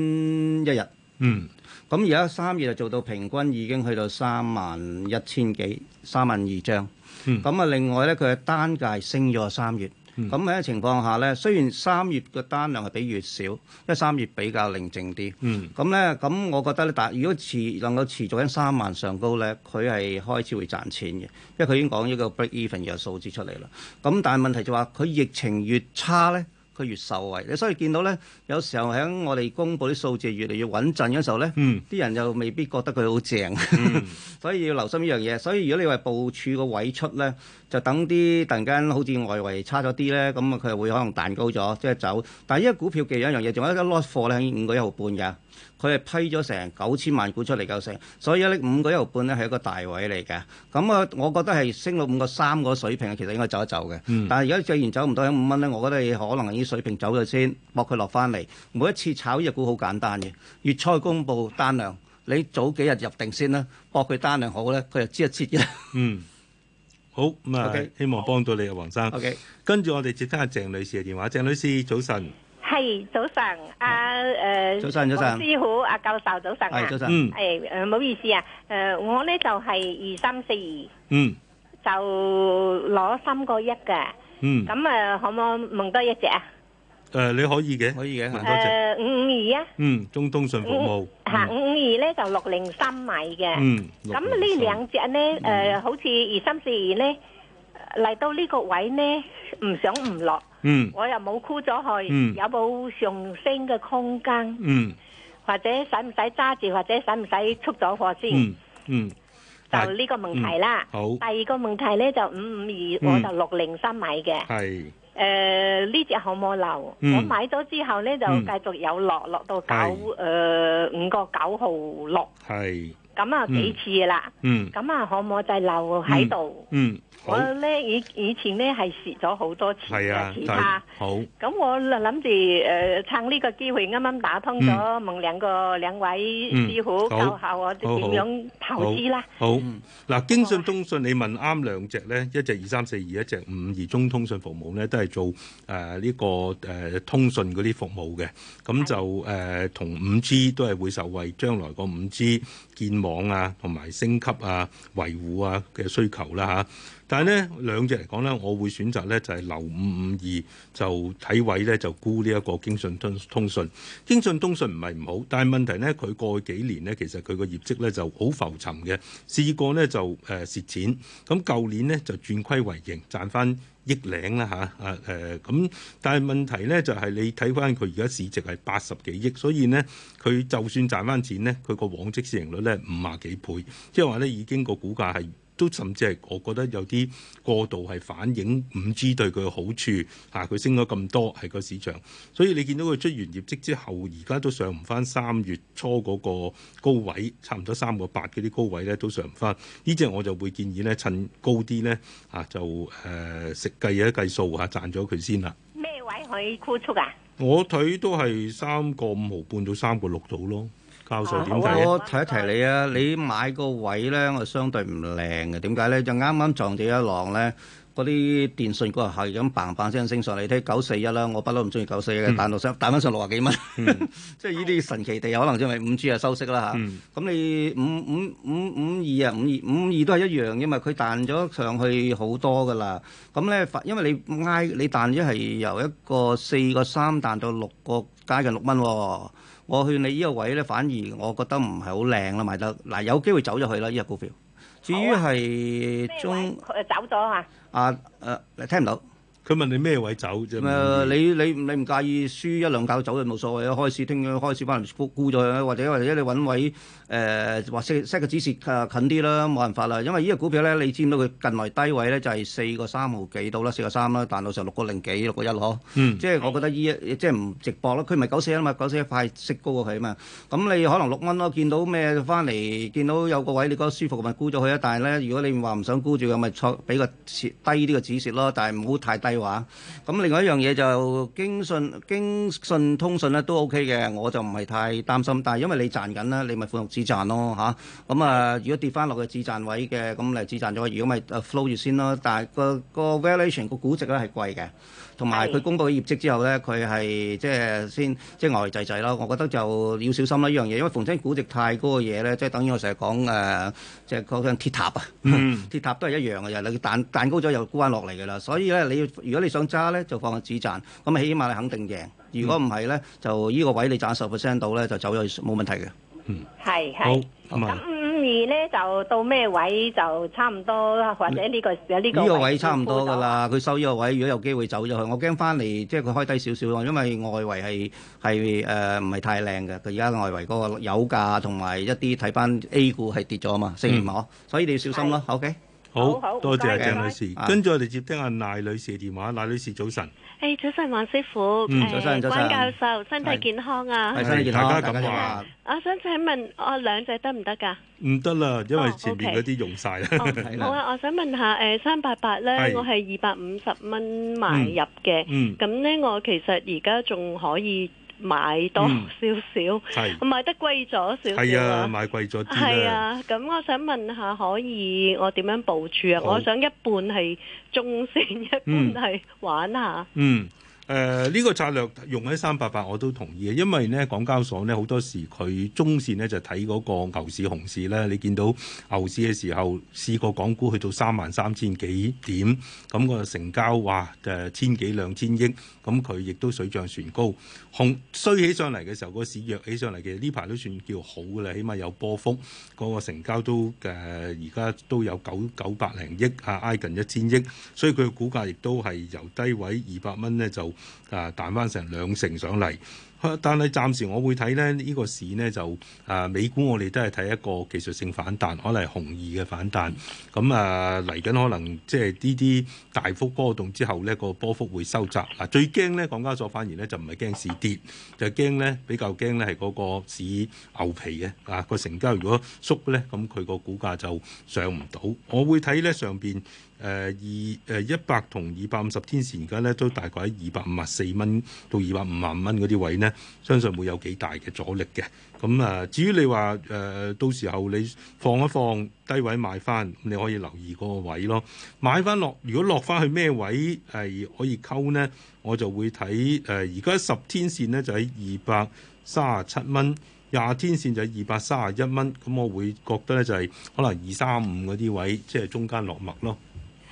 C: 一日。
B: 嗯。
C: 咁而家三月就做到平均已經去到三萬一千幾，三萬二張。咁啊、嗯，另外咧，佢嘅單價升咗三月。咁喺、嗯、情況下咧，雖然三月嘅單量係比月少，因為三月比較寧靜啲。嗯，咁咧，咁我覺得咧，但係如果持能夠持續喺三萬上高咧，佢係開始會賺錢嘅，因為佢已經講呢個 break even 嘅數字出嚟啦。咁但係問題就話佢疫情越差咧。佢越受惠，你所以見到咧，有時候喺我哋公布啲數字越嚟越穩陣嘅時候咧，啲、嗯、人又未必覺得佢好正，嗯、 [LAUGHS] 所以要留心呢樣嘢。所以如果你話部署個位出咧，就等啲突然間好似外圍差咗啲咧，咁佢又會可能彈高咗，即、就、係、是、走。但係依個股票嘅緊一樣嘢，仲有一個 lot 貨咧，五個一毫半㗎。佢係批咗成九千萬股出嚟救市，所以呢，五個一毫半咧係一個大位嚟嘅。咁啊，我覺得係升到五個三個水平，其實應該走一走嘅。嗯，但係如果既然走唔到喺五蚊咧，我覺得你可能依水平走咗先，搏佢落翻嚟。每一次炒依隻股好簡單嘅，月初公布單量，你早幾日入定先啦，
B: 搏佢單量好咧，佢就知一知一。嗯，好，咁啊，希望幫到你 Okay. 啊，黃生。OK，跟住我哋接得阿鄭女士嘅電話。鄭女士，早晨。
A: 係，早晨，阿誒，老師好，阿教授早晨啊，嗯，誒，誒，唔好意思啊，誒，我咧就係二三四二，嗯，就攞三個一嘅，嗯，咁誒，可唔可問多一隻啊？
B: 誒，你可以嘅，可以嘅，
A: 問多隻，誒，五五二
B: 啊，嗯，中通信服務，
A: 嚇，五五二咧就六零三米嘅，嗯，咁呢兩隻咧，誒，好似二三四二咧嚟到呢個位咧，唔上唔落。嗯，我又冇沽咗佢，有冇上升嘅空間？嗯，或者使唔使揸住，或者使唔使出咗貨先？嗯，
D: 就呢個問題啦。好，駅 aaa ua 第
A: 二個問題咧就五五二，我就六零三買嘅。係，呃，誒，呢隻可唔可留？我買咗之後咧就繼續有落，落到九誒五個九號六。
D: 係，
A: 咁啊幾次啦？嗯，咁啊可唔可就留喺度？嗯。我咧以以前咧係蝕咗好多錢嘅，其他好咁我諗住誒趁呢個機會啱啱打通咗，問兩個兩位師傅教下我點樣投資啦。
B: 好嗱，京信、中信，你問啱兩隻咧，一隻二三四二，一隻五二中通訊服務咧，都係做誒呢個誒通訊嗰啲服務嘅，咁就誒同五 G 都係會受惠，將來個五 G 建網啊，同埋升級啊、維護啊嘅需求啦嚇。但係咧兩隻嚟講咧，我會選擇咧就係留五五二，就睇、是、位咧就沽呢一個京信通通訊。京信通訊唔係唔好，但係問題咧佢過去幾年咧，其實佢個業績咧就好浮沉嘅。試過咧就誒蝕錢，咁、呃、舊年呢就轉虧為盈，賺翻億零啦吓，啊誒。咁、呃、但係問題咧就係、是、你睇翻佢而家市值係八十幾億，所以呢，佢就算賺翻錢呢，佢個往績市盈率咧五啊幾倍，即係話咧已經個股價係。都甚至係，我覺得有啲過度係反映五 G 對佢嘅好處嚇，佢、啊、升咗咁多係個市場，所以你見到佢出完業績之後，而家都上唔翻三月初嗰個高位，差唔多三個八嗰啲高位咧都上唔翻。呢隻我就會建議咧，趁高啲咧嚇就誒食計一計數嚇、啊、賺咗佢先啦。
A: 咩位可以沽出啊？
B: 我睇都係三個五毫半到三個六度咯。我我提一提你啊，你買個
C: 位咧，我相對唔靚嘅，點解咧？就啱啱撞咗一浪咧，嗰啲電信股係咁嘭嘭聲升上嚟。你睇九四一啦，我不嬲唔中意九四一嘅，彈到上彈翻上六啊幾蚊，即係呢啲神奇地啊，可能即係五 G 啊收息啦嚇。咁你五五五五二啊，五二五二都係一樣嘅嘛，因為佢彈咗上去好多㗎啦。咁咧，因為你挨你彈咗係由一個四個三彈到六個，接近六蚊喎。我勸你依個位咧，反而我覺得唔係好靚啦，賣得嗱有機會走咗去啦依個股票。至於係中誒走咗嚇。啊你聽唔
B: 到？佢問你咩位走啫？唔、嗯、你
C: 你你唔介意輸一兩嚿走就冇所謂啦。開始聽開始翻嚟沽沽咗佢或者或者你揾位誒話 set 個止蝕近啲啦，冇辦法啦。因為呢個股票咧，你知唔到佢近來低位咧就係四個三毫幾到啦，四個三啦，但到時候六個零幾六個一咯。嗯、即係我覺得呢一即係唔值博咯，佢唔係九四一啊嘛，九四一派息高過佢啊嘛。咁你可能六蚊咯，見到咩翻嚟？見到有個位你覺得舒服咪沽咗佢啊！但係咧，如果你話唔想沽住咁咪錯俾個低啲個止蝕咯，但係唔好太低。話咁，另外一樣嘢就京信京信通信咧都 O K 嘅，我就唔係太擔心。但係因為你賺緊啦，你咪歡樂止賺咯嚇。咁啊，如果跌翻落去止賺位嘅，咁嚟止賺咗。如果咪 flow 住先咯。但係個個 valuation 個估值咧係貴嘅。同埋佢公布業績之後咧，佢係即係先即係呆滯滯咯。我覺得就要小心啦依樣嘢，因為逢親估值太高嘅嘢咧，即係等於我成日講誒，即係講緊鐵塔啊，鐵、嗯、 [LAUGHS] 塔都係一樣嘅，高又你彈彈高咗又沽翻落嚟嘅啦。所以咧，你要如果你想揸咧，就放個止賺，咁起碼你肯定贏。如果唔係咧，嗯、就依個位你賺十 percent 到咧，就走咗冇問題嘅。嗯，
A: 係係。咁五五二咧就到咩位就差唔多，或者呢個有呢個位差唔多㗎
C: 喇。佢收呢個位，如果有機會走咗去，我驚返嚟，即係佢開低少少咯。因為外圍係係誒唔係太靚嘅，佢而家外圍嗰個油價同埋一啲睇返 A 股係跌咗啊嘛，成年冇，
B: 嗯、所以你要小心咯。是 OK。好，多謝啊鄭女士。跟住我哋接聽阿賴女士嘅電話，賴女士早晨。
A: 誒，早晨黃師傅，嗯，早晨早晨，關教授身體健康啊，
B: 大家咁話。
A: 我想請問我兩隻得唔得㗎？唔
B: 得啦，因為前面嗰啲用晒啦。好啊，
A: 我想問下，誒，三八八咧，我係二百五十蚊買入嘅，咁咧我其實而家仲可以。買多少少，買、嗯、得貴咗少少。係啊，
B: 買貴咗啲啊。係啊，
A: 咁我想問下，可以我點樣部署？啊？好我想一半係中線，一半係玩下，嗯。嗯。
B: 誒呢、呃呢個策略用喺三八八我都同意嘅，因為呢港交所咧好多時佢中線呢就睇嗰個牛市熊市咧。你見到牛市嘅時候，試過港股去到三萬三千幾點，咁、嗯嗰個成交話誒、呃、千幾兩千億，咁佢亦都水漲船高。熊衰起上嚟嘅時候，嗰個市弱起上嚟嘅，呢排都算叫好嘅啦，起碼有波幅，嗰、嗰個成交都誒而家都有九九百零億啊，挨近一千億，所以佢嘅股價亦都係由低位二百蚊呢就。啊，彈翻成兩成上嚟，但係暫時我會睇咧，呢、這個市呢就啊，美股我哋都係睇一個技術性反彈，可能係熊二嘅反彈。咁、嗯、啊嚟緊可能即係呢啲大幅波動之後呢、個波幅會收窄。嗱、啊，最驚呢，港交所反而呢就唔係驚市跌，就係驚咧，比較驚呢係嗰個市牛皮嘅，啊個成交如果縮呢，咁佢個股價就上唔到。我會睇呢上邊。誒二誒一百同二百五十天線而家咧都大概喺二百五十四蚊到二百五十五蚊嗰啲位咧，相信會有幾大嘅阻力嘅。咁啊，至於你話誒、呃、到時候你放一放低位買翻，你可以留意嗰個位咯。買翻落，如果落翻去咩位係可以溝呢？我就會睇誒而家十天線咧就喺二百三十七蚊，廿天線就係二百三十一蚊，咁我會覺得咧就係、是、可能二三五嗰啲位即係、就是、中間落墨咯。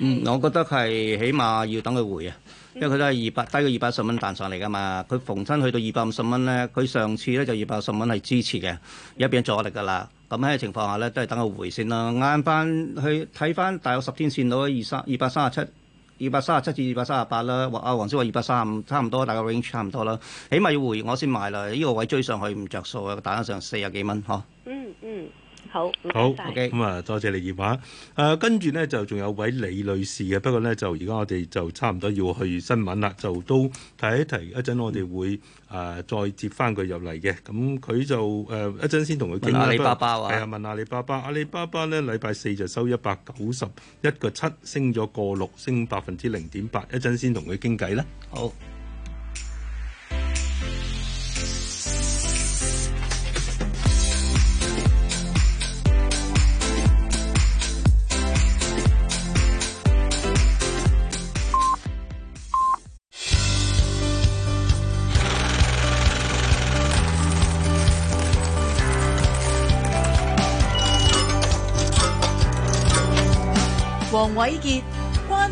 B: 嗯，我覺得係起碼要等
C: 佢回啊，因為佢都係二百低過二百一十蚊彈上嚟噶嘛，佢逢親去到二百五十蚊咧，佢上次咧就二百五十蚊係支持嘅，一邊阻力噶啦。咁喺情況下咧，都係等佢回先啦。啱翻去睇翻大概十天線到二三二百三十七、二百三十七至二百三十八啦。阿黃師話二百三十五差唔多，大概 range 差唔多啦。起碼要回我先買啦，呢、這個
B: 位追上去唔着數啊，打上四十幾蚊嚇。嗯嗯。
D: 好，好 OK。咁啊，
B: 多謝你話。艷、啊、華。誒，跟住呢，就仲有位李女士嘅，不過呢，就而家我哋就差唔多要去新聞啦，就都提一提。一陣我哋會誒、呃、再接翻佢入嚟嘅。咁、嗯、佢、嗯、就誒、呃、一陣先同佢傾。問阿里巴巴啊？係啊、哎，問阿里巴巴。阿里巴巴呢禮拜四就收一百九十一個七，升咗個六，升百分之零點八。一陣先同佢傾偈啦。好。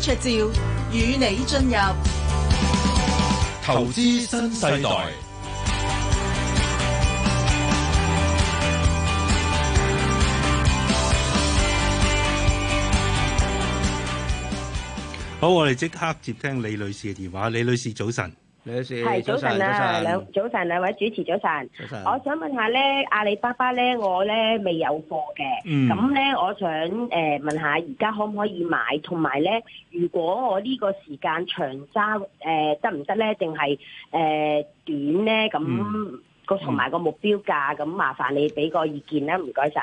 A: 出照，與你進入
B: 投資新世代。好，我哋即刻接聽李女士嘅電話。李女士，早晨。係是早晨啊晨晨，兩
D: 早晨兩位主持早晨。早
A: 晨我想問下咧，阿里巴巴咧，我咧未有貨嘅，咁咧、嗯、我想誒、呃、問下，而家可唔可以買？同埋咧，如果我呢個時間長揸誒得唔得咧？定係誒短咧？咁。嗯同
B: 埋個目標價，咁麻煩你俾個意見啦，唔該晒，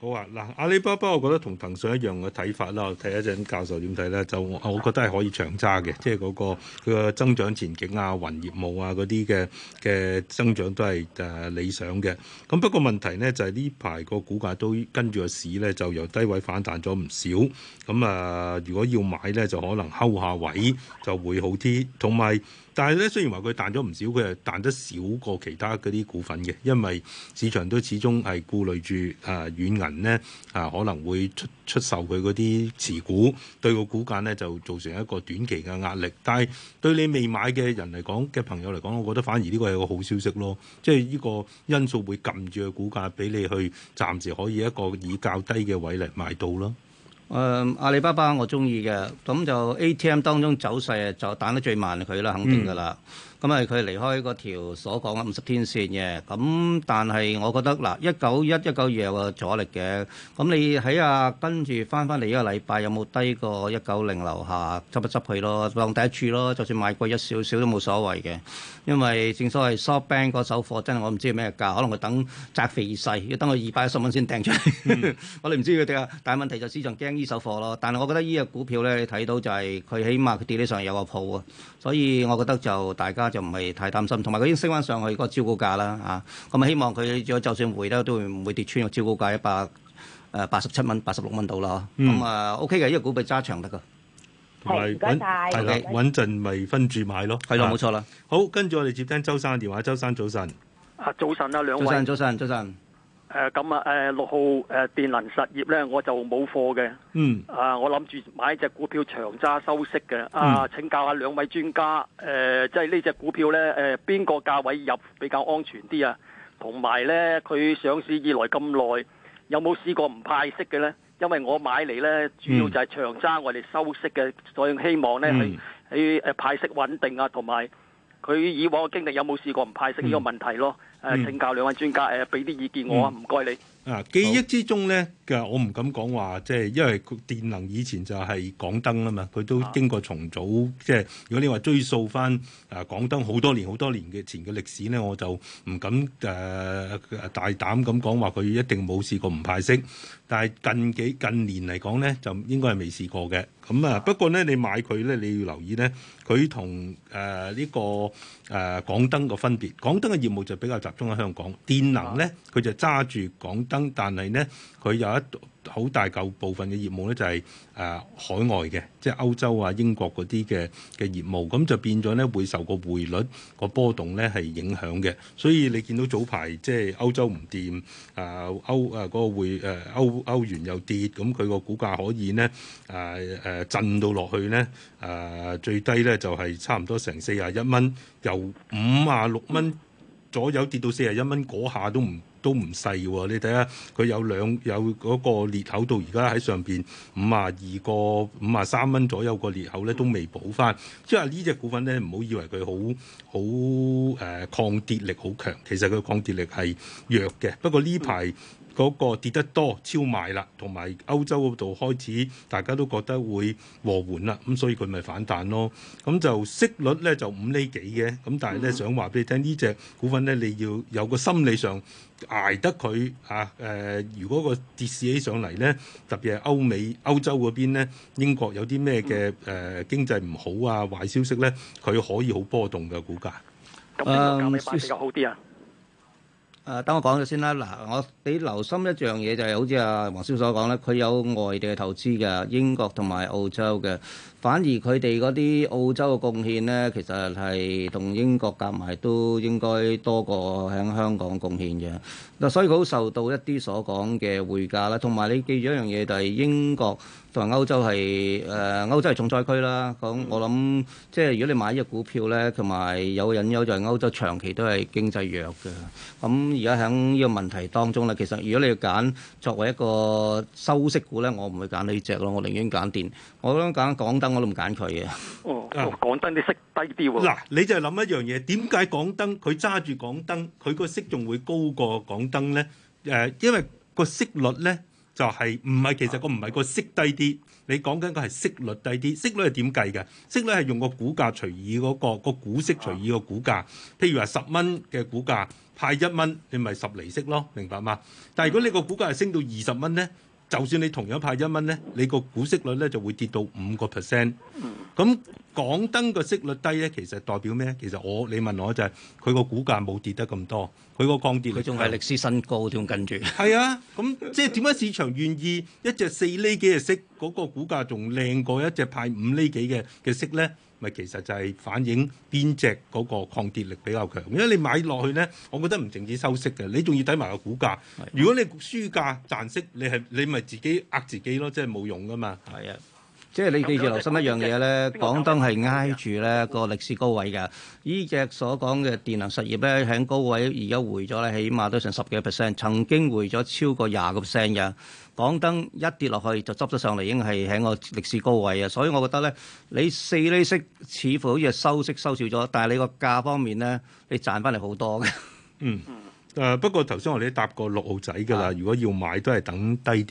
B: 好啊，嗱，阿里巴巴，我覺得同騰訊一樣嘅睇法啦。睇一陣教授點睇咧？就我覺得係可以長揸嘅，即係嗰、嗰個佢個增長前景啊、雲業務啊嗰啲嘅嘅增長都係誒、啊、理想嘅。咁不過問題呢，就係呢排個股價都跟住個市呢，就由低位反彈咗唔少。咁啊，如果要買呢，就可能睺下位就會好啲，同埋。但係咧，雖然話佢彈咗唔少，佢係彈得少過其他嗰啲股份嘅，因為市場都始終係顧慮住啊軟銀咧啊可能會出出售佢嗰啲持股，對個股價咧就造成一個短期嘅壓力。但係對你未買嘅人嚟講嘅朋友嚟講，我覺得反而呢個係一個好消息咯，即係呢個因素會撳住個股價，俾你去暫時可以一個以較低嘅位嚟買到咯。誒、uh, 阿里巴巴我中意嘅，咁就 ATM 當中走勢
C: 就彈得最慢佢啦，肯定噶啦。嗯。咁啊，佢離開嗰條所講嘅五十天線嘅，咁但係我覺得嗱，一九一、一九二有個阻力嘅。咁你喺啊跟住翻翻嚟一個禮拜，有冇低過一九零樓下執一執佢咯，當第一柱咯。就算買貴一少少都冇所謂嘅，因為正所謂 short bang 嗰手貨真係我唔知咩價，可能佢等窄肥細，要等佢二百一十蚊先掟出嚟。嗯、 [LAUGHS] 我哋唔知佢哋啊，但係問題就市場驚呢手貨咯。但係我覺得呢隻股票咧，你睇到就係、是、佢起碼跌得上有個鋪啊。所以我覺得就大家就唔係太擔心，同埋佢已經升翻上去個招股價啦，啊，咁啊希望佢再就算回得都會唔會跌穿個招股價一百誒八十七蚊、八
B: 十六蚊到啦，咁啊 OK 嘅，因為股票揸長得㗎，同埋穩係啦，穩陣咪分住買咯，係啦，冇錯啦。好，跟住我哋接聽周生嘅電話，周生早晨，
E: 啊早晨啊兩位，早晨，早晨，早晨。誒咁啊！誒、啊、六號誒、啊、電能實業咧，我就冇貨嘅。嗯。啊，我諗住買隻股票長揸收息嘅。啊，請教下兩位專家，誒即係呢隻股票咧，誒、呃、邊個價位入比較安全啲啊？同埋咧，佢上市以來咁耐，有冇試過唔派息嘅咧？因為我買嚟咧，主要就係長揸我哋收息嘅，所以希望咧係喺誒派息穩定啊，同埋。佢以往嘅經歷有冇試過唔派息呢個問題咯？誒、嗯呃，請教兩位專家誒，俾、呃、啲意見我啊，唔該、嗯、你。
B: 啊！記憶之中咧，嘅我唔敢講話，即係因為電能以前就係港燈啊嘛，佢都經過重組。即係如果你話追溯翻啊港燈好多年、好多年嘅前嘅歷史咧，我就唔敢誒、呃、大膽咁講話佢一定冇試過唔派息，但係近幾近年嚟講咧，就應該係未試過嘅。咁啊，不過咧你買佢咧，你要留意咧，佢同誒呢個誒港、呃、燈個分別。港燈嘅業務就比較集中喺香港，電能咧佢就揸住港。但係咧，佢有一好大嚿部分嘅業務咧、就係，就係誒海外嘅，即係歐洲啊、英國嗰啲嘅嘅業務，咁就變咗咧會受個匯率個波動咧係影響嘅。所以你見到早排即係歐洲唔掂，誒、啊、歐誒嗰個匯誒歐歐元又跌，咁佢個股價可以咧誒誒震到落去咧誒、啊、最低咧就係差唔多成四十一蚊，由五啊六蚊，左右跌到四十一蚊嗰下都唔都唔細喎。你睇下佢有兩有嗰個裂口到而家喺上邊五啊二個五啊三蚊左右個裂口咧都未補翻，即係呢隻股份咧唔好以為佢好好誒抗跌力好強，其實佢抗跌力係弱嘅，不過呢排。嗰個跌得多超賣啦，同埋歐洲嗰度開始大家都覺得會和緩啦，咁所以佢咪反彈咯。咁就息率咧就五厘幾嘅，咁但係咧、嗯、想話俾你聽，呢、這、隻、個、股份咧你要有個心理上捱得佢啊。誒、呃，如果個跌市起上嚟咧，特別係歐美、歐洲嗰邊咧，英國有啲咩嘅誒經濟唔好啊、壞消息咧，佢可以好波動嘅股價。好啲雪。嗯
C: 誒，等我講咗先啦。嗱，我畀你留心一樣嘢就係、是，好似阿黃少所講咧，佢有外地嘅投資嘅，英國同埋澳洲嘅。反而佢哋嗰啲澳洲嘅貢獻咧，其實係同英國夾埋都應該多過喺香港貢獻嘅。嗱，所以佢好受到一啲所講嘅匯價啦，同埋你記住一樣嘢就係英國同埋歐洲係誒歐洲係重災區啦。咁我諗即係如果你買呢隻股票咧，同埋有隱憂就係歐洲長期都係經濟弱嘅。咁而家喺呢個問題當中咧，其實如果你要揀作為一個收息股咧，我唔會揀呢隻咯，我寧願揀電。我想揀港燈。我都唔揀佢嘅。哦，港
B: 燈啲息低啲喎。嗱、啊，你就係諗一樣嘢，點解港燈佢揸住港燈，佢個息仲會高過港燈咧？誒、呃，因為個息率咧就係唔係其實個唔係個息低啲，你講緊個係息率低啲。息率係點計嘅？息率係用個股價除以嗰、嗰個、嗰個股息除以個股價。譬如話十蚊嘅股價派一蚊，你咪十釐息咯，明白嗎？但係如果你個股價係升到二十蚊咧？就算你同樣派一蚊咧，你個股息率咧就會跌到五個 percent。咁港燈個息率低咧，其實代表咩？其實我你問我就係佢個股價冇跌得咁多，佢個抗跌、就係。佢仲係歷史新高，仲跟住。係 [LAUGHS] 啊，咁即係點解市場願意一隻四厘幾嘅息，嗰、嗰個股價仲靚過一隻派五厘幾嘅嘅息咧？咪其實就係反映邊隻嗰個抗跌力比較強，因為你買落去咧，我覺得唔淨止收息嘅，你仲要睇埋個股價。如果你輸價賺息，你係你咪自己呃自己咯，即係冇用噶嘛。係啊。
C: 即係你記住留心一樣嘢咧，港燈係挨住咧個歷史高位㗎。依隻所講嘅電能實業咧，喺高位而家回咗咧，起碼都成十幾個 percent。曾經回咗超過廿個 percent 嘅港燈一跌落去就執咗上嚟，已經係喺個歷史高位啊。所以我覺得咧，你四厘息似乎好似係收息收少咗，但係你個價方面咧，你賺翻嚟好多嘅。嗯。
B: 誒，不過頭先我哋搭過六號仔噶啦。如果要買，都係等低啲，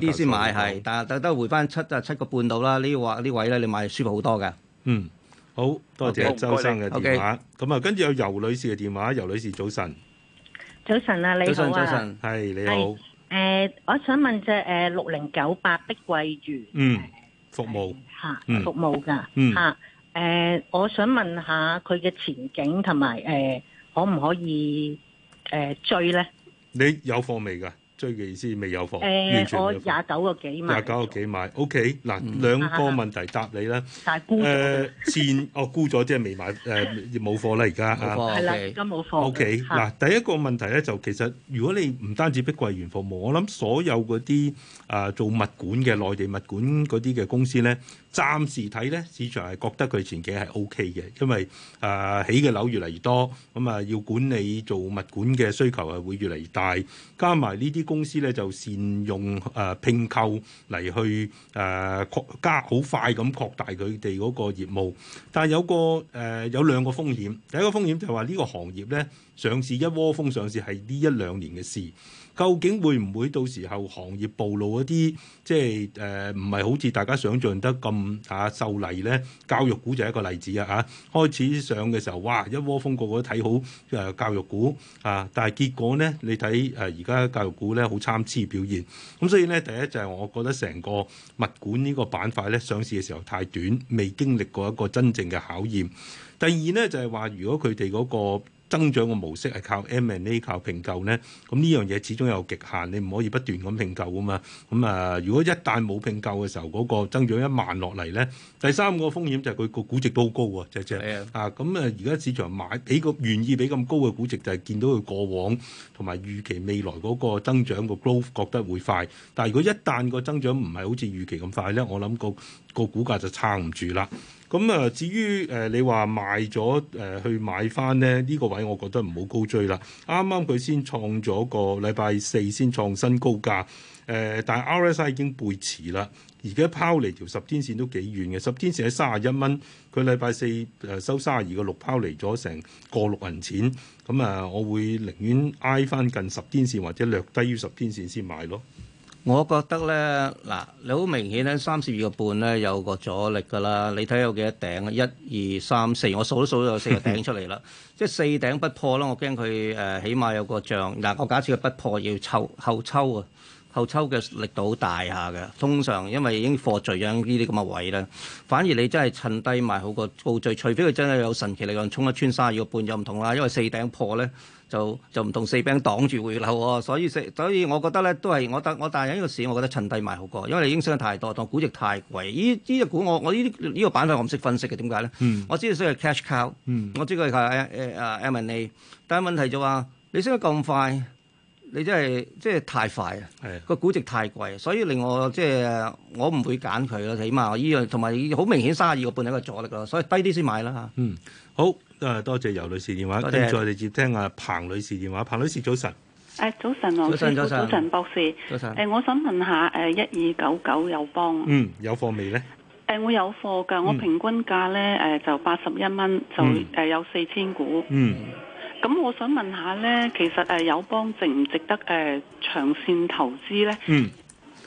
B: 低啲先買係。
C: 但係得得回翻七啊，七個半度啦，呢位呢位咧，你買舒服好多噶。嗯，
B: 好多謝周生嘅電話。咁啊，跟住有游女士嘅電話。游女士早晨，
A: 早晨啊，你好，早晨，
B: 係你好。
A: 誒，我想問隻誒六零九八碧桂園，
B: 嗯，服務吓，服
A: 務噶，嗯，誒，我想問下佢嘅前景同埋誒，可唔可以？誒追咧，
B: 呃、你有貨未㗎？追嘅先未有貨，完
A: 全
B: 冇。廿九、哎、個幾萬，廿九個幾萬買。O K，嗱兩個問題答你啦。估、嗯，誒、啊，蝕、呃、哦，估咗即係未買誒，冇、呃、貨啦而家。係啦，而家冇貨。O K，嗱第一個問題咧，就其實如果你唔單止碧桂園服務，我諗所有嗰啲啊做物管嘅內地物管嗰啲嘅公司咧，暫時睇咧市場係覺得佢前景係 O K 嘅，因為啊起嘅樓越嚟越多，咁啊要管理做物管嘅需求係會越嚟越大，加埋呢啲。公司咧就善用誒、呃、併購嚟去誒、呃、擴加好快咁擴大佢哋嗰個業務，但係有個誒、呃、有兩個風險。第一個風險就係話呢個行業咧上市一窩蜂上市係呢一兩年嘅事。究竟會唔會到時候行業暴露一啲即係誒唔係好似大家想象得咁嚇、啊、秀麗咧？教育股就係一個例子啊！嚇，開始上嘅時候，哇，一窩蜂個個都睇好誒、呃、教育股啊，但係結果咧，你睇誒而家教育股咧好參差表現。咁所以咧，第一就係我覺得成個物管呢個板塊咧上市嘅時候太短，未經歷過一個真正嘅考驗。第二咧就係話，如果佢哋嗰個增長嘅模式係靠 M&A 靠併購咧，咁呢樣嘢始終有極限，你唔可以不斷咁併購啊嘛。咁、嗯、啊，如果一旦冇併購嘅時候，嗰、那個增長一慢落嚟咧，第三個風險就係佢個估值都好高喎，就係啊。咁的啊，而、嗯、家市場買俾個願意俾咁高嘅估值，就係見到佢過往同埋預期未來嗰個增長個 growth 覺得會快。但係如果一旦個增長唔係好似預期咁快咧，我諗、那個、那個股價就撐唔住啦。咁啊，至於誒你話賣咗誒去買翻咧，呢個位我覺得唔好高追啦。啱啱佢先創咗個禮拜四先創新高價，誒，但係 RSI 已經背馳啦。而家拋離條十天線都幾遠嘅，十天線喺三十一蚊，佢禮拜四誒收三十二個六拋離咗成個六銀錢。咁啊，我會寧願挨翻近十天線或者略低於十天線先買咯。我覺得咧，
C: 嗱，你好明顯咧，三十二個半咧有個阻力噶啦。你睇有幾多頂？一二三四，我數都數到有四個頂出嚟啦。 [LAUGHS] 即係四頂不破啦，我驚佢誒起碼有個漲。嗱，我假設佢不破要抽後抽啊，後抽嘅力度好大下嘅。通常因為已經破聚咗呢啲咁嘅位咧，反而你真係趁低買好過高追。除非佢真係有神奇力量衝一穿三十二個半就唔同啦，因為四頂破咧。就就唔同四柄擋住回流喎，所以所以我覺得咧都係我帶我帶緊呢個市，我覺得趁低買好過，因為你已經升得太多，當估值太貴。呢依隻股我我依啲依個板塊，這個、我唔識分析嘅，點解咧？
D: 嗯、
B: 我
C: 知佢係 cash cow，我知佢係誒誒 M&A 但係問題就話、是，你升得咁快，你真係即係太快啊！個的估值太貴，所以令我即係我唔會揀佢咯。起碼依樣同埋好明顯三十二個半係一個阻力咯，所以低啲先
B: 買啦嚇。嗯，好。都係多謝尤女士電話，跟住謝我哋接聽阿彭女士電話。彭女士早晨，
A: 誒早晨，
B: 黃先生，早晨博士，早晨。誒，我
A: 想問下誒，一二九
E: 九友邦，
B: 嗯，有貨未呢？
E: 誒，我有貨㗎，我平均價呢誒，就八十一蚊，就誒有四千股嗯。嗯，咁我想問下呢，其實誒友邦值唔值得誒長線投資呢？嗯，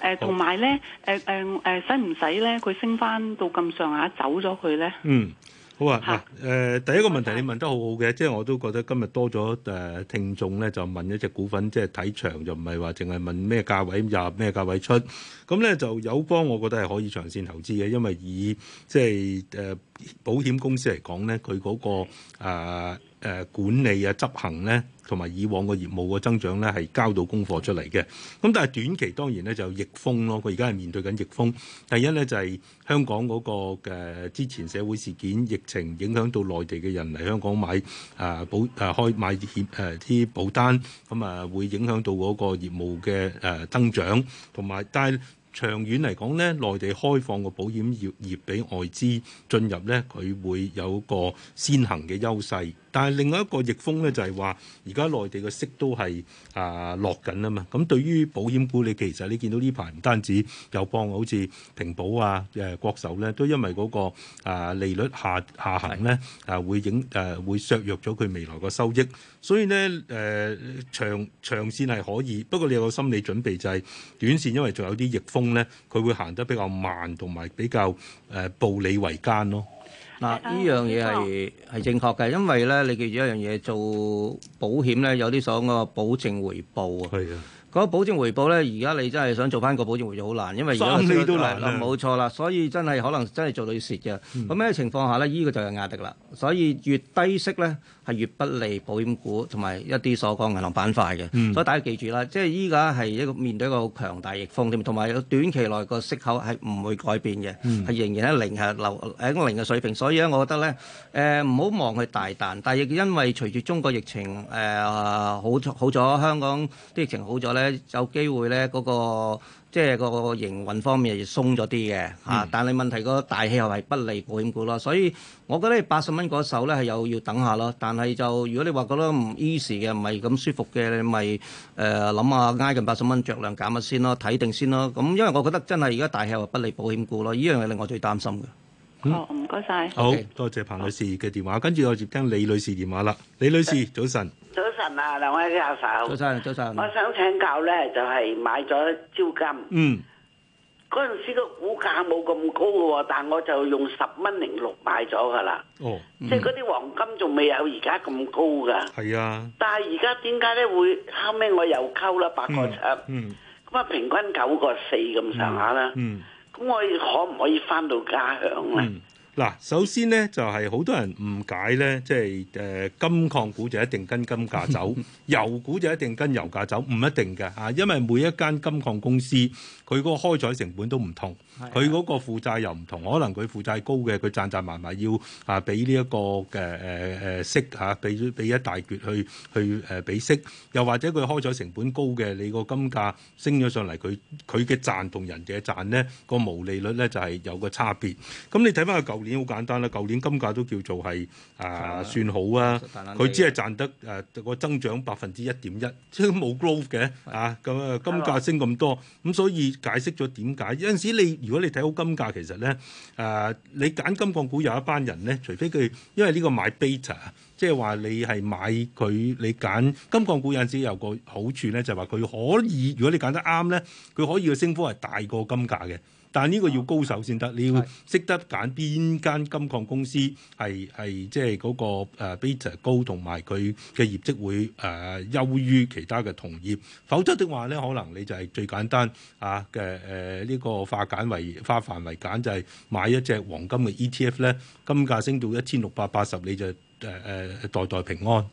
E: 誒同埋呢，誒誒誒，使唔使呢？佢升返到咁上下走咗佢呢？嗯。
B: 好啊嗱，誒、呃、第一個問題你問得好好嘅，Okay. 即係我都覺得今日多咗誒、呃、聽眾咧，就問一隻股份，即係睇長，就唔係話淨係問咩價位入咩價位出。咁咧就友邦，我覺得係可以長線投資嘅，因為以即係誒、呃、保險公司嚟講咧，佢嗰、那個啊、呃呃、管理啊執行咧。同埋以往個業務個增長咧係交到功課出嚟嘅，咁但係短期當然咧就逆風咯，佢而家係面對緊逆風。第一咧就係、係、香港嗰、嗰個嘅、呃、之前社會事件，疫情影響到內地嘅人嚟香港買啊保啊開買險誒啲保單，咁啊，啊會影響到嗰個業務嘅誒增長，同埋但係。長遠嚟講咧，內地開放個保險業業俾外資進入咧，佢會有個先行嘅優勢。但係另外一個逆風咧，就係話而家內地嘅息都係啊、呃、落緊啊嘛。咁對於保險股理，你其實你見到呢排唔單止有幫，好似平保啊、誒、呃、國壽咧，都因為嗰、那個啊、呃、利率下下行咧，啊會影誒、呃、會削弱咗佢未來個收益。所以咧誒、呃、長長線係可以，不過你有個心理準備就係、是、短線，因為仲有啲逆風。咧佢會行得比較慢，同埋比較誒、呃、步履維艱咯。嗱，呢樣嘢係係正確嘅，因為咧你記住一樣嘢，做保險咧有啲所謂
C: 嘅保證回報啊。係啊的，嗰保證回報咧，而家你真係想做翻個保證回報好難，因為而家你、就是、都難啦，冇錯啦。所以真係可能真係做到蝕嘅。咁咩、嗯、情況下咧？呢、這個就有壓力啦。所以越低息咧。係越不利保險股同埋一啲所講銀行板塊嘅，嗯、所以大家記住啦，即係依家係一個面對一個好強大逆風添，同埋短期內個息口係唔會改變嘅，係、嗯、仍然喺零係留喺零嘅水平，所以咧，我覺得咧，誒唔好望佢大彈，但係亦因為隨住中國疫情誒、呃、好好咗，香港啲疫情好咗咧，有機會咧嗰、嗰個。即係個營運方面係鬆咗啲嘅嚇，嗯、但係問題、個大氣候係不利保險股咯，所以我覺得八十蚊嗰手咧係有要等下咯。但係就如果你話覺得唔 easy 嘅，唔係咁舒服嘅，你咪誒諗下挨近八十蚊着量減乜先咯，睇定先咯。咁因為我覺得真係
B: 而家大氣候不利保險股咯，呢樣嘢令我最擔心嘅。哦、嗯，唔
D: 該晒，謝謝 Okay.
B: 好多謝彭女士嘅電話，跟住我接聽李女士電話啦。李女士，早晨。
E: 早晨啊，兩位教授。早晨，早晨。我想請教咧，就係買咗招金。嗯。嗰陣時個股價冇咁高喎，但係我就用十蚊零六買咗㗎啦。哦。嗯、即係嗰啲黃金仲未有而家咁高㗎。
D: 係啊。
E: 但係而家點解咧會後尾我又溝啦八個七，咁啊平均九個四咁上下啦。嗯。咁、嗯嗯、我可唔可以返到家鄉咧？嗯
B: 嗱，首先咧就係好多人誤解咧，即係誒金礦股就一定跟金價走， [LAUGHS] 油股就一定跟油價走，唔一定嘅嚇。因為每一間金礦公司佢嗰個開採成本都唔同，佢嗰個負債又唔同，可能佢負債高嘅，佢賺賺埋埋要啊俾呢一個嘅誒誒息吓俾俾一大橛去去誒俾息。又或者佢開採成本高嘅，你個金價升咗上嚟，佢佢嘅賺同人哋嘅賺咧個毛利率咧就係有個差別，咁你睇翻個舊。年好簡單啦，舊年金價都叫做係啊、呃、吧算好啊，佢只係賺得誒個增長百分之一點一，即係冇 growth 嘅啊咁啊金價升咁多，咁吧、嗯、所以解釋咗點解有陣時你如果你睇好金價其實咧誒、呃、你揀金礦股有一班人咧，除非佢因為呢個買 beta，即係話你係買佢你揀金礦股有陣時有個好處咧，就係話佢可以如果你揀得啱咧，佢可以嘅升幅係大過金價嘅。但呢個要高手先得，你要識得揀邊間金礦公司係係即係嗰個誒 beta 高同埋佢嘅業績會誒、呃、優於其他嘅同業，否則的話咧，可能你就係最簡單啊嘅誒呢個化簡為化繁為簡，就係、是、買一隻黃金嘅 ETF 咧，金價升到一千六百八十，你就誒誒、呃、代代平安。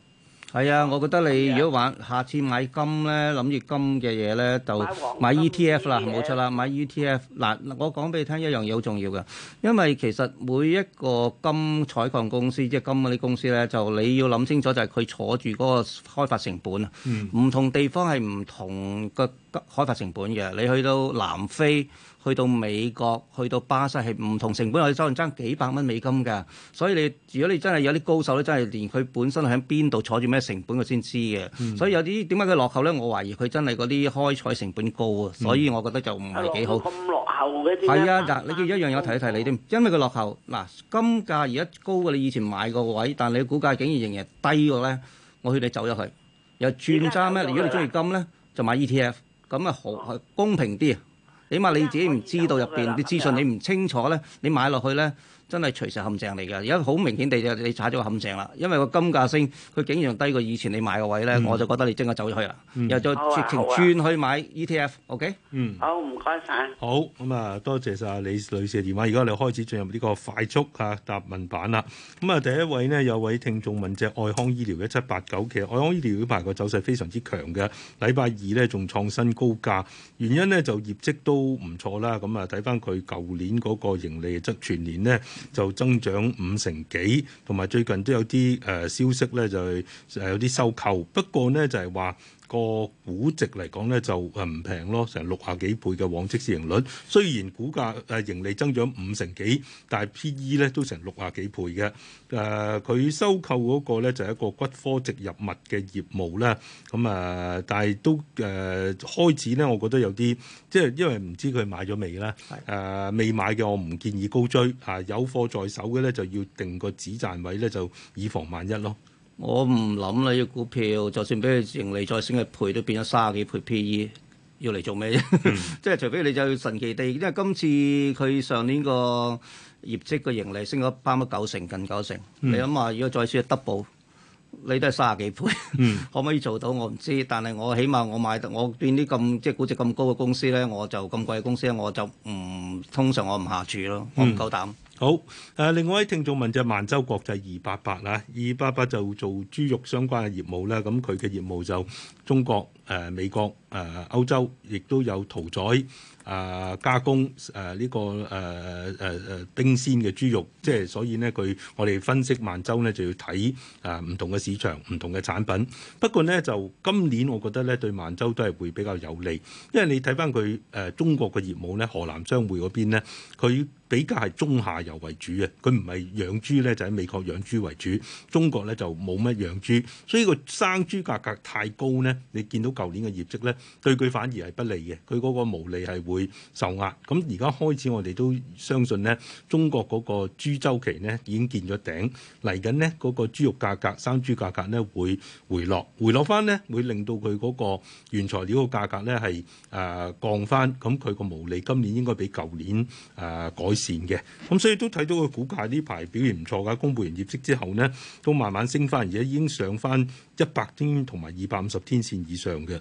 B: 係啊，我覺得你的如果玩下
C: 次買金咧，諗住金嘅嘢咧，就買 ETF 啦，冇錯啦，買 ETF。嗱，我講俾你聽一樣嘢好重要嘅，因為其實每一個金採礦公司，即係金嗰啲公司咧，就你要諗清楚，就係佢坐住嗰個開發成本啊，唔同地方係唔同嘅。開發成本嘅，你去到南非、去到美國、去到巴西係唔同成本，我哋可能爭幾百蚊美金嘅。所以你如果你真係有啲高手咧，真係連佢本身喺邊度坐住咩成本，佢先知嘅。所以有啲點解佢落後咧？我懷疑佢真係嗰啲開採成本高啊。所以我覺得就唔係幾好咁
E: 落後嗰啲係啊！
C: 嗱，你見一樣我提一提你添，因為佢落後嗱，金價而家高過你以前買個位，但係你股價竟然仍然低過咧，我勸你走入去又轉揸咩？如果你中意金咧，就買 E T F。咁啊，好係公平啲啊！起碼你自己唔知道入邊啲資訊，你唔清楚咧，你買落去咧。真係隨時陷阱嚟㗎！而家好明顯地，你踩咗個陷阱啦。因為個金價升，佢竟然低過以前你買個位咧，嗯、我就覺得你即刻走咗
B: 去啦。又再直情轉去
C: 買 ETF，OK？、Okay?
D: 嗯，
B: 好，唔該晒。好咁啊，多謝晒李女士嘅電話。而家我哋開始進入呢個快速啊答問版啦。咁啊，第一位呢，有位聽眾問隻愛康醫療嘅一七八九。其實，愛康醫療呢排個走勢非常之強嘅，禮拜二呢，仲創新高價，原因呢就業績都唔錯啦。咁啊，睇翻佢舊年嗰個盈利即全年呢。就增長五成幾，同埋最近都有啲誒消息咧，就係誒有啲收購，不過咧就係話。個估值嚟講咧就誒唔平咯，成六下幾倍嘅往績市盈率，雖然股價誒盈利增長五成幾，但係 P E 咧都成六下幾倍嘅。誒、呃、佢收購嗰個咧就係、是、一個骨科植入物嘅業務咧，咁、嗯、啊、呃，但係都誒、呃、開始咧，我覺得有啲即係因為唔知佢買咗未啦。誒、呃、未買嘅我唔建議高追啊、呃，有貨在手嘅咧就要定個止賺位咧，就以防萬一咯。我唔諗啦，啲股票就算俾佢盈利再
C: 升一倍都變咗三十幾倍 P/E，要嚟做咩啫？嗯、 [LAUGHS] 即係除非你就要神奇地，因為今次佢上年個業績個盈利升咗翻咗九成近九成，嗯、你諗下如果再輸 double，你都係三十幾倍，嗯、 [LAUGHS] 可唔可以做到？我唔知，但係我起碼我買我邊啲咁即係估值咁高嘅公司咧，我就咁貴嘅公司咧，我就唔
B: 通常我唔下注咯，我唔夠膽。嗯好，誒、啊、另外一位聽眾問就萬洲國際二八八啦。二八八就做豬肉相關嘅業務啦。咁佢嘅業務就中國、誒、呃、美國、誒、呃、歐洲，亦都有屠宰、啊、呃、加工、誒呢個誒誒誒冰鮮嘅豬肉，即、就、係、是、所以呢，佢我哋分析萬洲呢，就要睇啊唔同嘅市場、唔同嘅產品。不過呢，就今年我覺得呢，對萬洲都係會比較有利，因為你睇翻佢誒中國嘅業務呢，河南商會嗰邊咧，佢。比較係中下游為主嘅，佢唔係養豬咧，就喺美國養豬為主。中國咧就冇乜養豬，所以個生豬價格太高呢，你見到舊年嘅業績呢，對佢反而係不利嘅，佢嗰個毛利係會受壓。咁而家開始我哋都相信呢，中國嗰個豬週期呢已經見咗頂。嚟緊呢，嗰個豬肉價格、生豬價格呢會回落，回落翻呢會令到佢嗰個原材料嘅價格呢係誒降翻，咁佢個毛利今年應該比舊年誒改善。線嘅，咁所以都睇到個股價呢排表現唔錯嘅。公布完業績之後呢，都慢慢升翻，而家已經上翻一百天同埋二百五十天線以上嘅。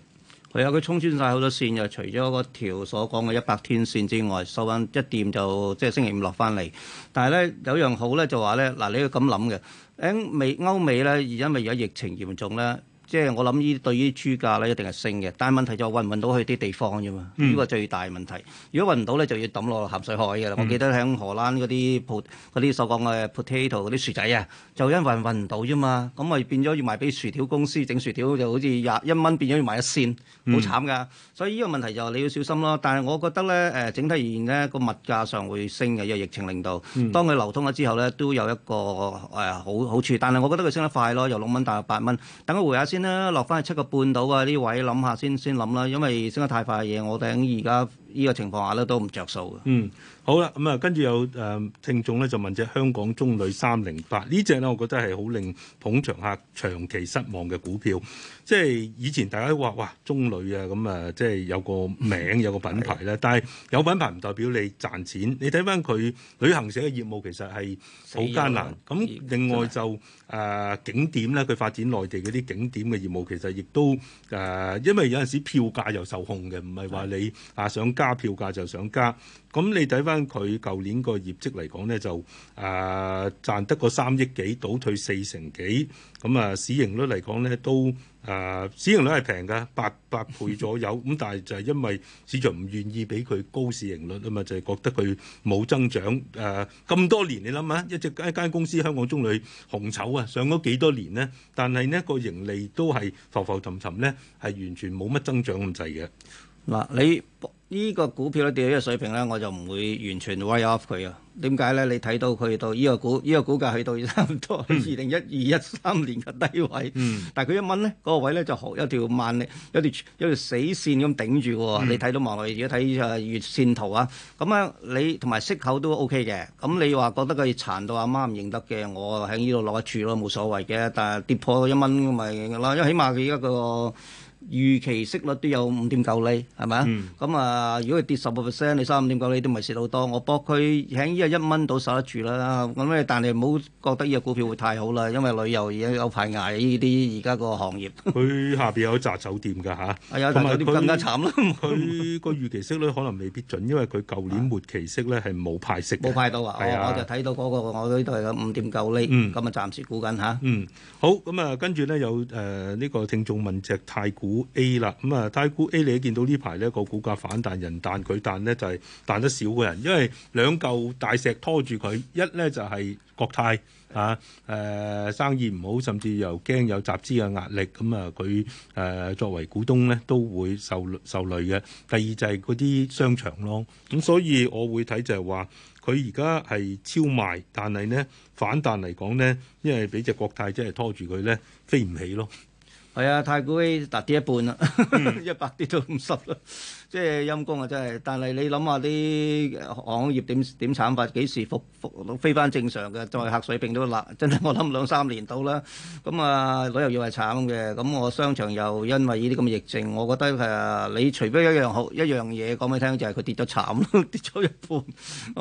B: 係啊，佢沖穿晒好多線，又除咗個條所講嘅一百天線之外，
C: 收翻一點，就即係、就是、星期五落翻嚟。但係咧有樣好咧，就話咧嗱，你要咁諗嘅。美歐美咧，而家因為而家疫情嚴重咧。即係我諗呢對於豬價咧，一定係升嘅。但係問題就係運唔運到去啲地方啫嘛，呢個、嗯、最大問題。如果運唔到咧，就要抌落鹹水海㗎啦。嗯、我記得喺荷蘭嗰啲嗰啲所講嘅 potato 嗰啲薯仔啊，就因為運唔到啫嘛，咁咪變咗要賣俾薯條公司整薯條，就好似廿一蚊變咗要賣一仙，好、嗯、慘㗎。所以呢個問題就係你要小心咯。但係我覺得咧，誒、呃、整體而言咧，個物價上會升嘅，因為疫情令到，當佢流通咗之後咧，都有一個誒、呃、好好，好處。但係我覺得佢升得快咯，由六蚊大約八蚊，等佢回下先。咧落翻去七個半度啊！呢位諗下先，先諗啦。因為升得太快嘅嘢，我睇而家呢個情況下咧都唔着數
B: 嘅。嗯，好啦，咁啊，跟住有誒、呃、聽眾咧就問隻香港中旅三零八呢隻呢，我覺得係好令捧場客長期失望嘅股票。即係以前大家都話哇，中旅啊，咁啊，即係有個名有個品牌咧。 [LAUGHS] 但係有品牌唔代表你賺錢，你睇返佢旅行社嘅業務其實係好艱難。咁了另外就誒、呃、景點咧，佢發展內地嗰啲景點嘅業務其實亦都誒、呃，因為有陣時票價又受控嘅，唔係話你啊想加票價就想加。咁你睇翻佢舊年個業績嚟講咧，就誒賺得個三億幾，倒退四成幾。咁啊市盈率嚟講咧，都誒市盈率係平嘅，八八倍左右。咁但係就係因為市場唔願意俾佢高市盈率啊嘛，就係覺得佢冇增長。誒咁多年你諗下，一直一間公司香港中旅紅籌啊，上咗幾多年咧，但係咧個盈利都係浮浮沉沉咧，係完全冇乜增長咁滯嘅。嗱，你呢、這個股票咧跌到呢個水平咧，我就
C: 唔會完全 write off 佢啊。點解咧？你睇到佢到呢個股呢、這個股價去到差唔多、嗯、 [LAUGHS] 二零一二一三年嘅低位，嗯、但係佢一蚊咧嗰個位咧就好，一條萬力一條一條死線咁頂住喎。嗯、你睇到望落，而家睇啊月線圖啊，咁啊你同埋息口都 O K 嘅。咁你話覺得佢殘到阿媽唔認得嘅，我喺呢度落一注咯，冇所謂嘅。但係跌破一蚊咪咯，因為起碼佢而家個。預期息率都有五點九厘，係咪啊？咁啊，如果跌十個 percent，你三五點九厘都唔係蝕好多。我博佢喺依個一蚊度守得住啦。咁咧，但係唔好覺得依個股票會太好啦，因為旅遊而家有排捱依啲而家個行業。佢下邊有紮酒店
B: 㗎嚇，有酒店更加慘咯。佢個預期息率可能未必準，因為佢舊年末期息咧係冇派息。冇派到啊！我我就睇到嗰個我呢度係五點九厘，咁啊暫時估緊嚇。嗯，好咁啊，跟住咧有誒呢個聽眾問隻太古。股 A 啦，咁、嗯、啊，太古 A 你都見到呢排呢個股價反彈，人彈佢彈呢就係、是、彈得少嘅人，因為兩嚿大石拖住佢，一呢就係、是、國泰啊，誒、呃、生意唔好，甚至又驚有集資嘅壓力，咁啊佢誒作為股東呢都會受受累嘅。第二就係嗰啲商場咯，咁、嗯、所以我會睇就係話佢而家係超賣，但係呢，反彈嚟講呢，因為俾隻國泰即係拖住佢呢，飛唔起咯。係啊，太古 A 跌一半啦，嗯、 [LAUGHS] 一百跌到五十啦。
C: 即係陰公啊！真係。但係你諗下啲行業點點慘法，幾時復復飛翻正常嘅？再嚇水平都難，真係我諗兩三年到啦。咁啊、呃，旅遊業係慘嘅。咁我商場又因為呢啲咁嘅疫情，我覺得誒、啊，你除非一樣好一樣嘢講俾你聽，就係、是、佢跌咗慘咯，跌咗一
B: 半。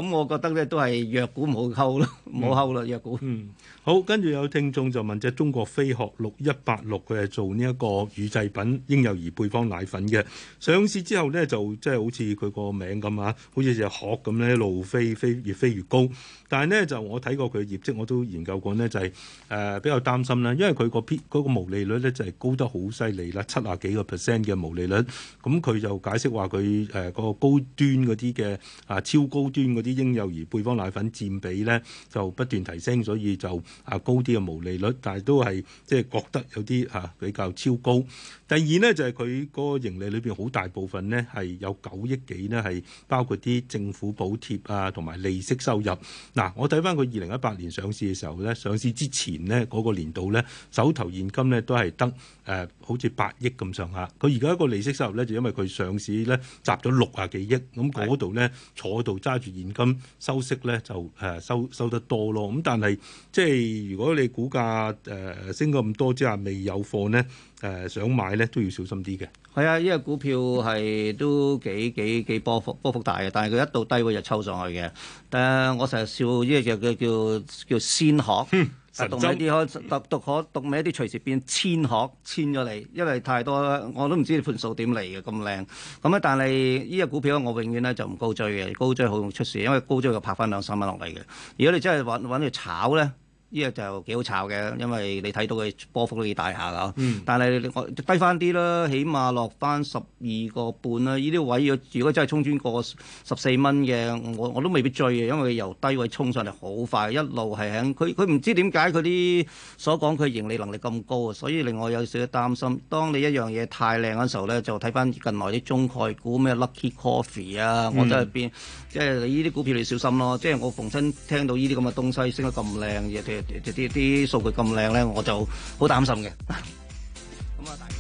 B: 咁我覺得咧都係藥股唔好溝咯，唔好溝啦，藥股。嗯。好，跟住有聽眾就問，隻中國飛鶴六一八六，佢係做呢一個乳製品、嬰幼兒配方奶粉嘅上市之後咧。即係就即係好似佢個名咁嚇，好似隻鶴咁咧，一路飛飛，越飛越高。但係呢，就我睇過佢業績，我都研究過呢就係、是、誒、呃、比較擔心啦，因為佢個毛利率呢，就係、是、高得好犀利啦，七啊幾個 percent 嘅毛利率，咁、嗯、佢就解釋話佢誒個高端嗰啲嘅啊超高端嗰啲嬰幼兒配方奶粉佔比呢，就不斷提升，所以就啊高啲嘅毛利率，但係都係即係覺得有啲啊比較超高。第二呢，就係、是、佢個盈利裏邊好大部分呢係有九億幾呢係包括啲政府補貼啊同埋利息收入。嗱、啊，我睇翻佢二零一八年上市嘅時候咧，上市之前咧嗰、那個年度咧，手頭現金咧都係得誒好似八億咁上下。佢而家一個利息收入咧，就因為佢上市咧集咗六啊幾億，咁嗰度咧坐度揸住現金收息咧就誒、呃、收收得多咯。咁但係即係如果你股價誒、呃、升咗咁多之下未有貨咧？誒、呃、想買咧都要小心啲嘅。
C: 係啊，因為股票係都幾幾幾波幅波幅大嘅，但係佢一到低位就抽上去嘅。誒、呃，我成日笑呢個叫叫叫先學、啊、 [LAUGHS] 宗千學，讀埋一啲可讀埋一啲隨時變千學千咗你」，因為太多我都唔知你盤數點嚟嘅咁靚。咁啊，但係呢個股票我永遠咧就唔高追嘅，高追好容易出事，因為高追就拍翻兩三蚊落嚟嘅。如果你真係揾揾你炒咧。呢個就幾好炒嘅，因為你睇到佢波幅都幾大下㗎。嗯、但係低翻啲啦，起碼落翻十二個半啦。呢啲位如果真係衝穿個十四蚊嘅，我我都未必追嘅，因為佢由低位衝上嚟好快，一路係喺佢佢唔知點解佢啲所講佢盈利能力咁高啊，所以令我有少少擔心。當你一樣嘢太靚嘅時候咧，就睇翻近來啲中概股咩 Lucky Coffee 啊，嗯、我都係變。即係你依啲股票你小心咯，即係我逢親聽到依啲咁嘅東西升得咁靚，啲啲啲數據咁靚咧，我就好擔心嘅。 [LAUGHS] 嗯大家